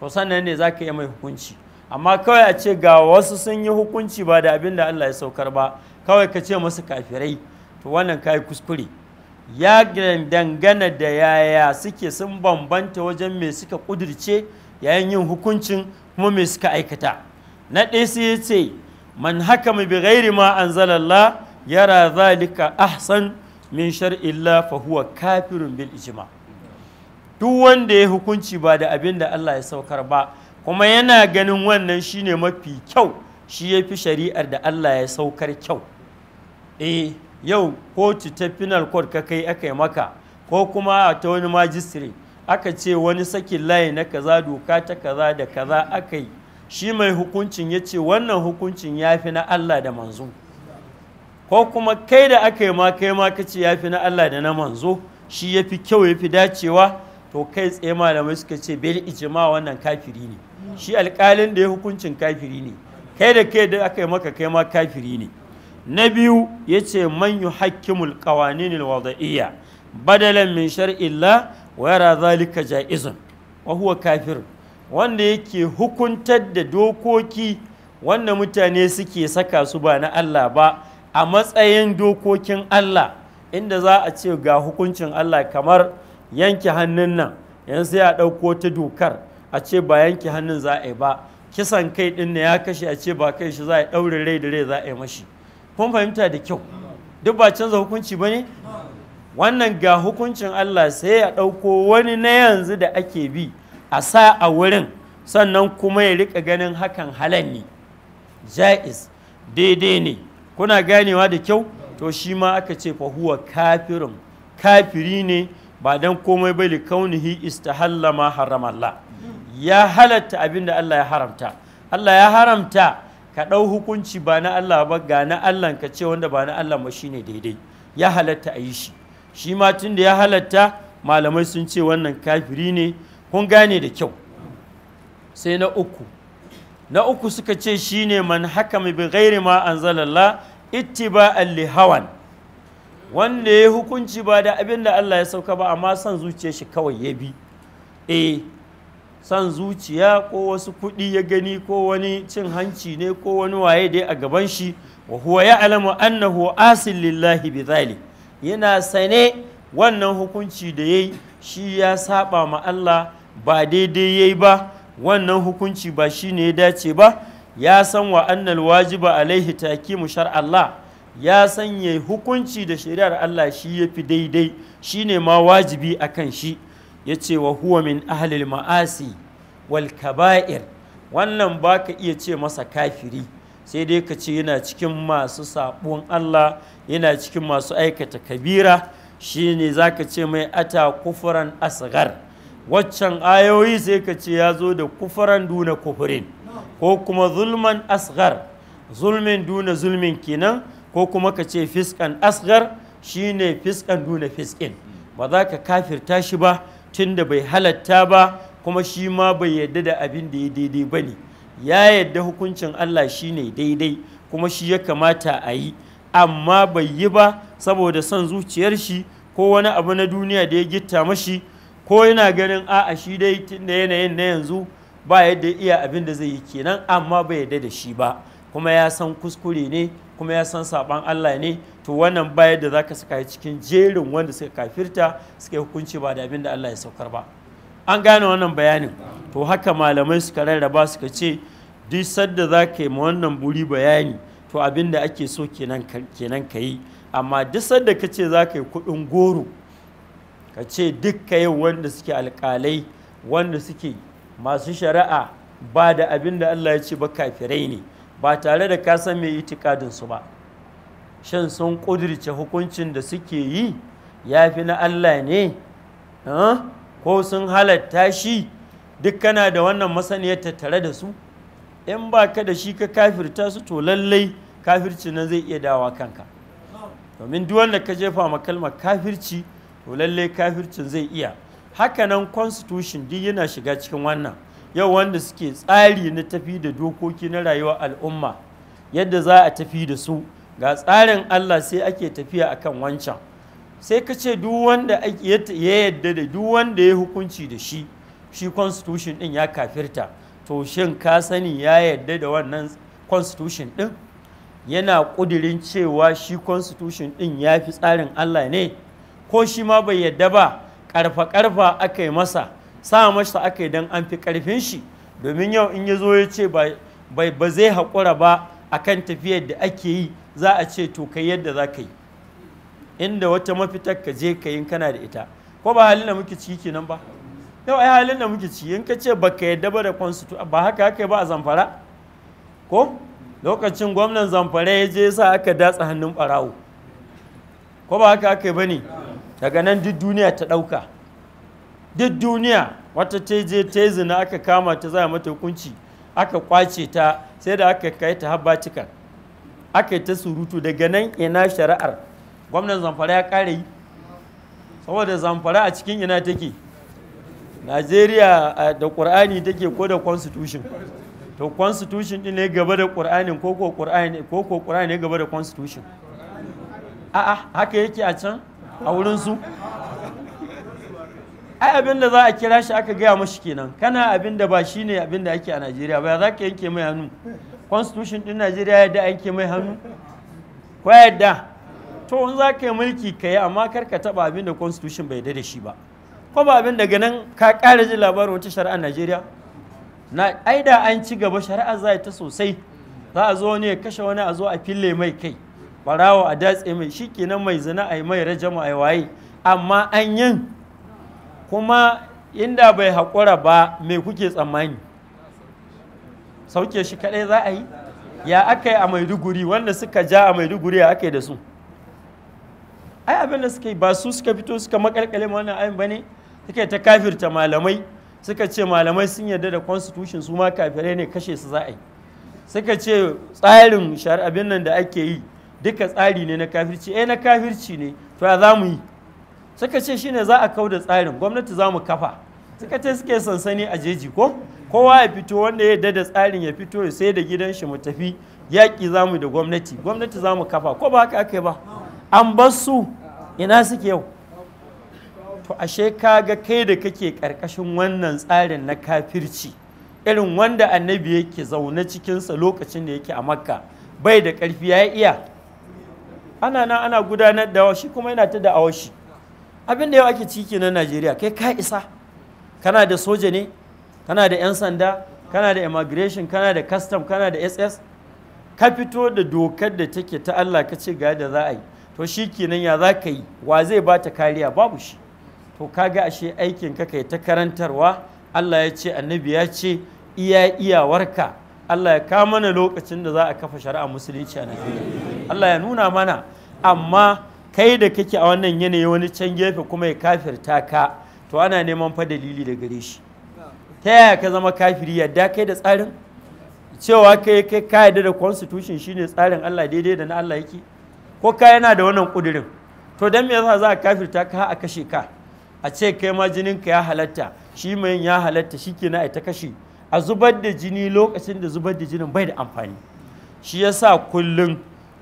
to sannan ne za ka yi mai hukunci amma kawai a ce ga wasu sun yi hukunci ba da abin da Allah ya saukar ba kawai ka ce masu kafirai to wannan ka yi kuskure ya dangana da yaya suke sun bambanta wajen me suka kudirce yayin yin hukuncin kuma me suka aikata na ɗaya sai ya ce man haka bi ghairi ma anzalallah yara zalika ahsan min shar'illa fa huwa kafirun bil ijma' duk wanda ya hukunci ba da abin da Allah ya saukar ba kuma yana ganin wannan shine mafi kyau shi ya fi shari'ar da Allah ya saukar kyau eh yau kotu ta final court ka kai aka yi maka ko kuma ta wani majistire aka ce wani sakin layi na kaza doka ta kaza da kaza aka yi shi mai hukuncin ya ce wannan hukuncin ya fi na Allah da manzo ko kuma kai da aka yi maka kai ma ya fi na Allah da na manzo shi ya fi kyau ya fi dacewa to kai tsaye malamai suka ce bil ijma wannan kafiri ne shi alƙalin da ya hukuncin kafiri ne kai da kai da aka yi maka kai ma kafiri ne na biyu ya ce man yu hakkimul qawaninil wada'iyya badalan min shar'illa wa yara zalika ja'izun wa huwa kafir wanda yake hukuntar da dokoki wanda mutane suke saka su ba na Allah ba a matsayin dokokin Allah inda za a ce ga hukuncin Allah kamar yanke hannun nan yan sai a ɗauko ta dokar a ce ba yanke hannun za a yi ba kisan kai ɗin ne ya kashe a ce ba kai shi za a yi ɗaure rai da rai za a yi mashi kun fahimta da kyau duk ba canza hukunci ba ne wannan ga hukuncin Allah sai ya ɗauko wani na yanzu da ake bi a sa a wurin sannan kuma ya rika ganin hakan halan ne ja'iz daidai ne kuna ganewa da kyau to shi ma aka ce fahuwa kafirin kafiri ne ba don komai bai likaunihi istahalla ma haram Allah ya halatta abin da Allah ya haramta Allah ya haramta ka ɗau hukunci ba na Allah ba ga na Allah ka ce wanda ba na Allah ma shine daidai ya halatta a yi shi shi ma tun da ya halatta malamai sun ce wannan kafiri ne kun gane da kyau sai na uku na uku suka ce shine man haka bi ghairi ma anzalallah ittiba'an li hawan wanda ya hukunci ba da abin da Allah ya sauka ba amma son zuciya shi kawai ya bi eh son zuciya ko wasu kuɗi ya gani ko wani cin hanci ne ko wani waye dai a gaban shi wa huwa alamu annahu asil lillahi zali yana sane wannan hukunci da yayi shi ya saba ma Allah ba daidai yayi ba wannan hukunci ba shine ya dace ba ya san wa annal wajiba alaihi takimu Allah. ya sanya hukunci da shari'ar Allah shi ya fi daidai shi ne ma wajibi a kan shi ya ce wa huwa min ahlil ma'asi wal kaba'ir wannan ba ka iya ce masa kafiri sai dai ka ce yana cikin masu saɓon Allah yana cikin masu aikata kabira shi ne za ka ce mai ata kufuran asgar waccan ayoyi sai ka ce ya zo da kufuran duna kufurin ko kuma zulman asgar zulmin duna zulmin kenan ko kuma ka ce fiskan asgar shine fiskan duna fiskin ba za ka kafirta shi ba tunda bai halatta ba kuma shi ma bai yadda da abin da ya daidai ba ne ya yadda hukuncin Allah shine daidai kuma shi ya kamata a yi amma bai yi ba saboda son zuciyar shi ko wani abu na duniya da ya gitta mashi ko yana ganin a'a shi dai tunda yanayin na yanzu ba yadda iya abin da zai yi kenan amma bai yadda da shi ba kuma ya san kuskure ne kuma ya san saban Allah ne to wannan bayar da zaka saka cikin jerin wanda suka kafirta suka yi hukunci ba da abin da Allah ya saukar ba an gane wannan bayanin to haka malamai suka rarraba suka ce duk sadda za ka yi ma wannan buri bayani to abin da ake so kenan ka yi amma duk sadda ka ce za ka yi kuɗin goro ka ce duk ka yi wanda suke alƙalai wanda suke masu shari'a ba da abin da Allah ya ce ba kafirai ne ba tare da ka san mai itikadin su ba shan sun kudurce hukuncin da suke yi ya fi na Allah ne ko sun halatta shi duk kana da wannan masaniyar tare da su in ba ka da shi ka kafirta su to lallai kafirci nan zai iya dawa kanka domin duk wanda ka jefa ma kalmar kafirci to lallai kafircin zai iya hakanan constitution duk yana shiga cikin wannan yau wanda suke tsari na tafi da dokoki na rayuwar al'umma yadda za a tafi da su ga tsarin Allah sai ake tafiya akan wancan sai ka ce duk wanda ya yadda da duk wanda ya hukunci da shi shi constitution din ya kafirta to shin ka sani ya yadda da wannan constitution din yana ƙudirin cewa shi constitution din ya fi tsarin Allah ne ko shi ma bai yadda ba karfa-karfa aka yi masa sa masa aka yi don an fi ƙarfin shi domin yau in ya zo ya ce ba zai haƙura ba a kan tafiyar da ake yi za a ce to kai yadda za ka yi inda wata mafitar ka je ka yin kana da ita ko ba halin da muke ciki kenan ba yau ai halin da muke ciki in ka ce ba ka yadda ba da constitution ba haka haka ba a zamfara ko lokacin gwamnan zamfara ya je sa aka datsa hannun barawo ko ba haka haka ba ne daga nan duk duniya ta ɗauka duk duniya wata ta teze na zina aka kama ta za mata hukunci aka kwace ta sai da aka kai ta habba cikan aka yi ta surutu daga nan ina shari'ar gwamnan zamfara ya kare yi saboda zamfara a cikin ina take najeriya da ƙur'ani take ko da constitution to constitution din ne gaba da ƙur'ani ko ko ƙur'ani ne gaba da constitution a'a haka yake a can a wurin su ai abin da za a kira shi aka gaya mashi kenan kana abin da ba shi ne abin da ake a najeriya ba za ka yanke mai hannu constitution din najeriya yadda yanke mai hannu ko yadda to in za ka yi mulki ka yi amma kar ka taba abin da constitution bai da shi ba ko ba abin daga nan ka ƙara ji labarin wata shari'a najeriya na ai da an ci gaba shari'a za ta sosai za a zo ne kashe wani a zo a fille mai kai barawo a datse mai shikenan mai zina a yi mai rajama a yi waye amma an yin kuma inda bai haƙura ba mai kuke tsammani sauke shi kaɗai za a yi ya aka yi a maiduguri wanda suka ja a maiduguri ya aka yi da su ai abin suka yi ba su suka fito suka makalkale wannan ayin ba ne suka ta kafirta malamai suka ce malamai sun yarda da constitution su ma kafirai ne kashe su za a yi suka ce tsarin shari'abin nan da ake yi duka tsari ne na kafirci eh na kafirci ne to ya za mu yi suka ce shine za a kau da tsarin gwamnati za mu kafa suka ce suke sansani a jeji ko kowa ya fito wanda ya dada tsarin ya fito ya sai da gidan shi mu tafi yaƙi za mu da gwamnati gwamnati za mu kafa ko ba haka ba an bar su ina suke yau to ashe kaga kai da kake karkashin wannan tsarin na kafirci irin wanda annabi yake zaune cikinsa lokacin da yake a makka bai da karfi ya iya ana nan ana gudanar da shi kuma yana ta da awashi abin da yau ake ciki na najeriya kai ka isa kana da soja ne kana da 'yan sanda kana da immigration kana da custom kana da ss ka fito da dokar da take ta allah ka ce ga da za a yi to shi kenan ya za ka yi wa zai ba ta kariya babu shi to ka ga ashe aikin ka kai ta karantarwa allah ya ce annabi ya ce iya iyawarka allah ya kama mana lokacin da za a kafa shari'a musulunci a najeriya allah ya nuna mana amma kai da kake a wannan yanayi wani can gefe kuma ya kafirta ka to ana neman fa dalili da gare shi ta yaya ka zama kafiri yadda kai da tsarin cewa kai kai ka da constitution shine tsarin Allah daidai da na Allah yake ko ka yana da wannan kudirin to dan me yasa za a kafirta ka a kashe ka a ce kai ma jinin ka ya halatta shi mai ya halatta shikenan ai ta kashe a zubar da jini lokacin da zubar da jinin bai da amfani shi yasa kullum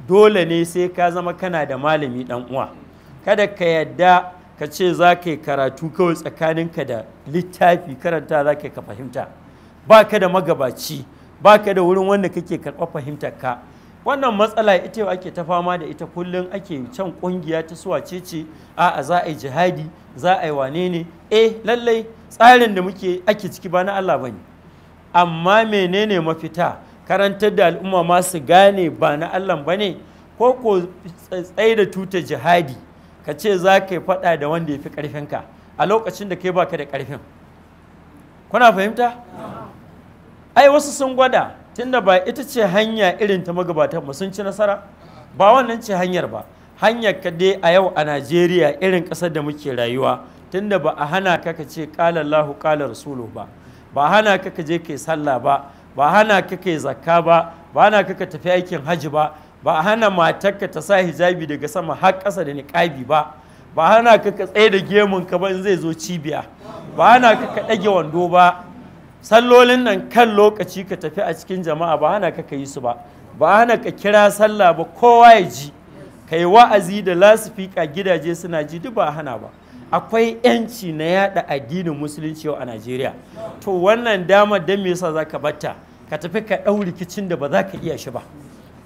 dole ne sai ka zama kana da malami dan uwa kada ka yadda ka ce za ka yi karatu kawai tsakaninka da littafi karanta za ka ka fahimta ba ka da magabaci ba ka da wurin wanda kake karɓa fahimtar ka wannan matsala ita yau ake ta fama da ita kullum ake can kungiya ta suwa ce a'a za a yi jihadi za a yi wane ne eh lallai tsarin da muke ake ciki ba na Allah bane amma menene mafita karantar da al'umma masu gane ba na Allah ba ne ko ko tsaye da tuta jihadi ka ce za ka yi faɗa da wanda ya fi ƙarfinka a lokacin da kai baka da karfin. kuna fahimta ai wasu sun gwada tunda ba ita ce hanya irin ta magabatan ba sun ci nasara ba wannan ce hanyar ba hanyar ka dai a yau a Najeriya irin ƙasar da muke rayuwa tunda ba a hana ka ka ce ƙalallahu ƙalar rasulu ba ba a hana ka ka je ka yi sallah ba ba hana ka kai zakka ba ba hana ka tafi aikin hajji ba ba hana matarka ta sa hijabi daga sama har ƙasa da niƙabi ba ba hana ka ka tsaye da gemun ka ba in zai zo cibiya ba hana ka ka ɗage wando ba sallolin nan kan lokaci ka tafi a cikin jama'a ba hana ka ka yi su ba ba hana ka kira sallah ba kowa ya ji ka yi wa'azi da lasifika gidaje suna ji duk ba hana ba akwai yanci na yada addinin musulunci a Najeriya to wannan dama don me yasa zaka bata ka tafi ka ɗau rikicin da ba za ka iya shi ba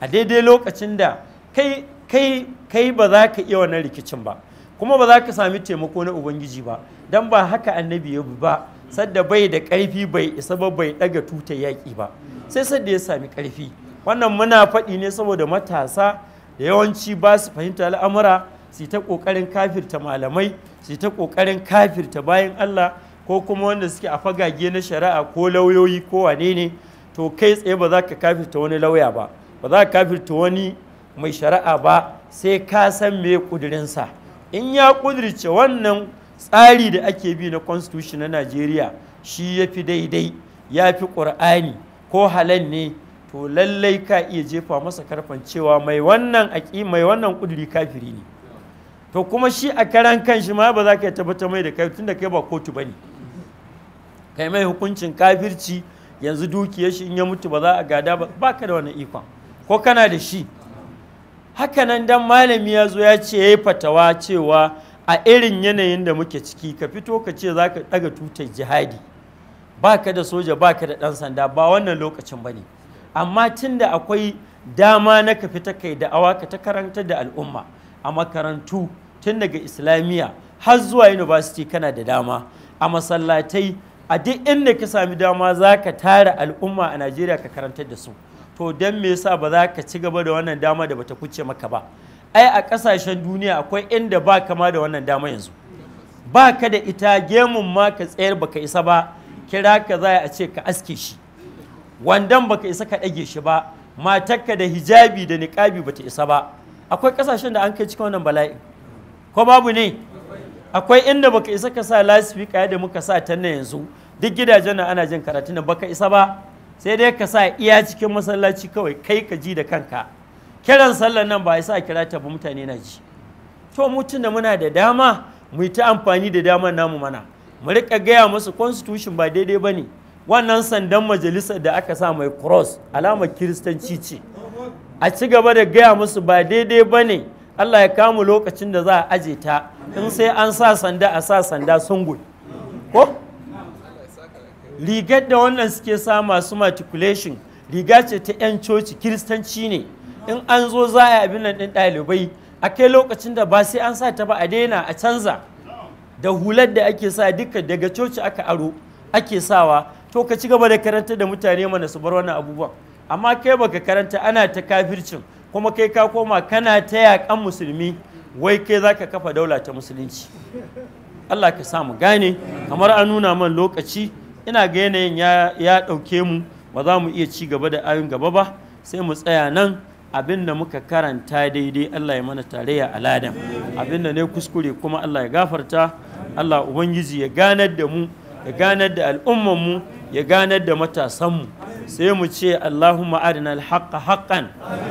a daidai lokacin da kai ba za ka iya wannan rikicin ba kuma ba za ka sami taimako na ubangiji ba don ba haka annabi ya bi ba sadda bai da ƙarfi bai isa ba bai ɗaga tuta yaƙi ba sai sadda ya sami ƙarfi wannan muna faɗi ne saboda matasa da yawanci ba su fahimta al'amura su ta ƙoƙarin kafirta malamai su ta ƙoƙarin kafirta bayan Allah ko kuma wanda suke a fagage na shari'a ko lauyoyi ko wane ne to kai tsaye ba za ka kafirta wani lauya ba ba za ka kafirta wani mai shari'a ba sai ka san me kudirinsa in ya kudirce wannan tsari da ake bi na constitution na najeriya shi ya fi daidai ya fi ƙur'ani ko halal ne to lallai ka iya jefa masa karfan cewa mai wannan aƙi mai wannan kudiri kafiri ne to kuma shi a karan kan shi ma ba za ka tabbata mai da kai tunda kai ba kotu ba ne kai mai hukuncin kafirci yanzu dukiyar shi in ya mutu ba za a gada ba baka da wani ikon ko kana da shi hakanan dan malami ya zo ya ce yayi fatawa cewa a irin yanayin da muke ciki ka fito ka ce za ka ɗaga tutar jihadi baka da soja baka da dan sanda ba wannan lokacin ba ne amma tun da akwai dama na ka fita kai da awa ka ta karantar da al'umma a makarantu tun daga islamiyya har zuwa university kana da dama a masallatai a duk inda ka sami dama za ka tara al'umma a najeriya ka karantar da su to don me yasa ba za ka ci gaba da wannan dama da bata kuce maka ba ai a ƙasashen duniya akwai inda ba kama da wannan dama yanzu ba ka da ita gemun ma ka tsayar baka isa ba kira ka za a ce ka aske shi wandan baka isa ka ɗage shi ba matarka da hijabi da niƙabi bata isa ba akwai ƙasashen da an kai cikin wannan bala'i ko babu ne akwai inda baka isa ka sa lasifika da muka sa ta yanzu duk gidajen nan ana jin karatun da baka isa ba sai dai ka sa iya cikin masallaci kawai kai ka ji da kanka kiran sallar nan ba isa kira ta ba mutane na ji to mutum da muna da dama mu ta amfani da dama namu mana mu rika gaya musu constitution ba daidai ba ne wannan sandan majalisar da aka sa mai cross alamar kiristanci ce a ci gaba da gaya musu ba daidai ba ne Allah ya kamu lokacin da za a aje ta in sai an sa sanda a sa sanda sungul ko rigar da wannan suke sa masu matriculation riga ce ta 'yan coci kiristanci ne in an zo za a yi abin nan ɗin ɗalibai a kai lokacin da ba sai an sa ta ba a daina a canza da hular da ake sa duka daga coci aka aro ake sawa to ka ci gaba da karanta da mutane mana su bar wannan abubuwan amma kai baka karanta ana ta kafircin kuma kai ka koma kana ta yakan musulmi wai kai za ka kafa daula ta musulunci Allah ka samu gane kamar an nuna man lokaci ina ga yanayin ya ɗauke mu ba za mu iya ci gaba da ayon gaba ba sai mu tsaya nan abin da muka karanta daidai Allah ya mana tarayya a ladan abin da ne kuskure kuma Allah ya gafarta Allah ubangiji ya ganar da mu ya ganar da al'ummar mu ya ganar da matasanmu sai mu ce Allahumma arina al-haqqa haqqan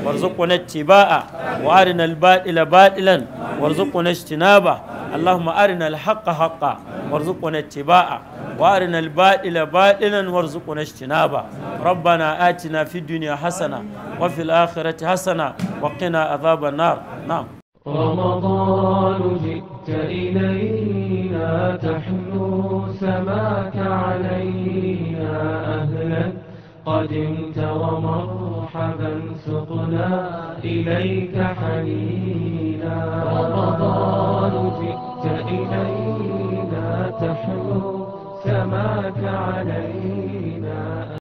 warzuqna ittiba'a wa arina al-batila batilan warzuqna ijtinaba Allahumma arina al-haqqa haqqan warzuqna ittiba'a wa arina al-batila batilan warzuqna ijtinaba ربنا آتنا في الدنيا حسنة وفي الآخرة حسنة وقنا عذاب النار نعم رمضان جئت إلينا تحنو سماك علينا أهلا قدمت ومرحبا سقنا إليك حنينا رمضان جئت إلينا تحنو سماك علينا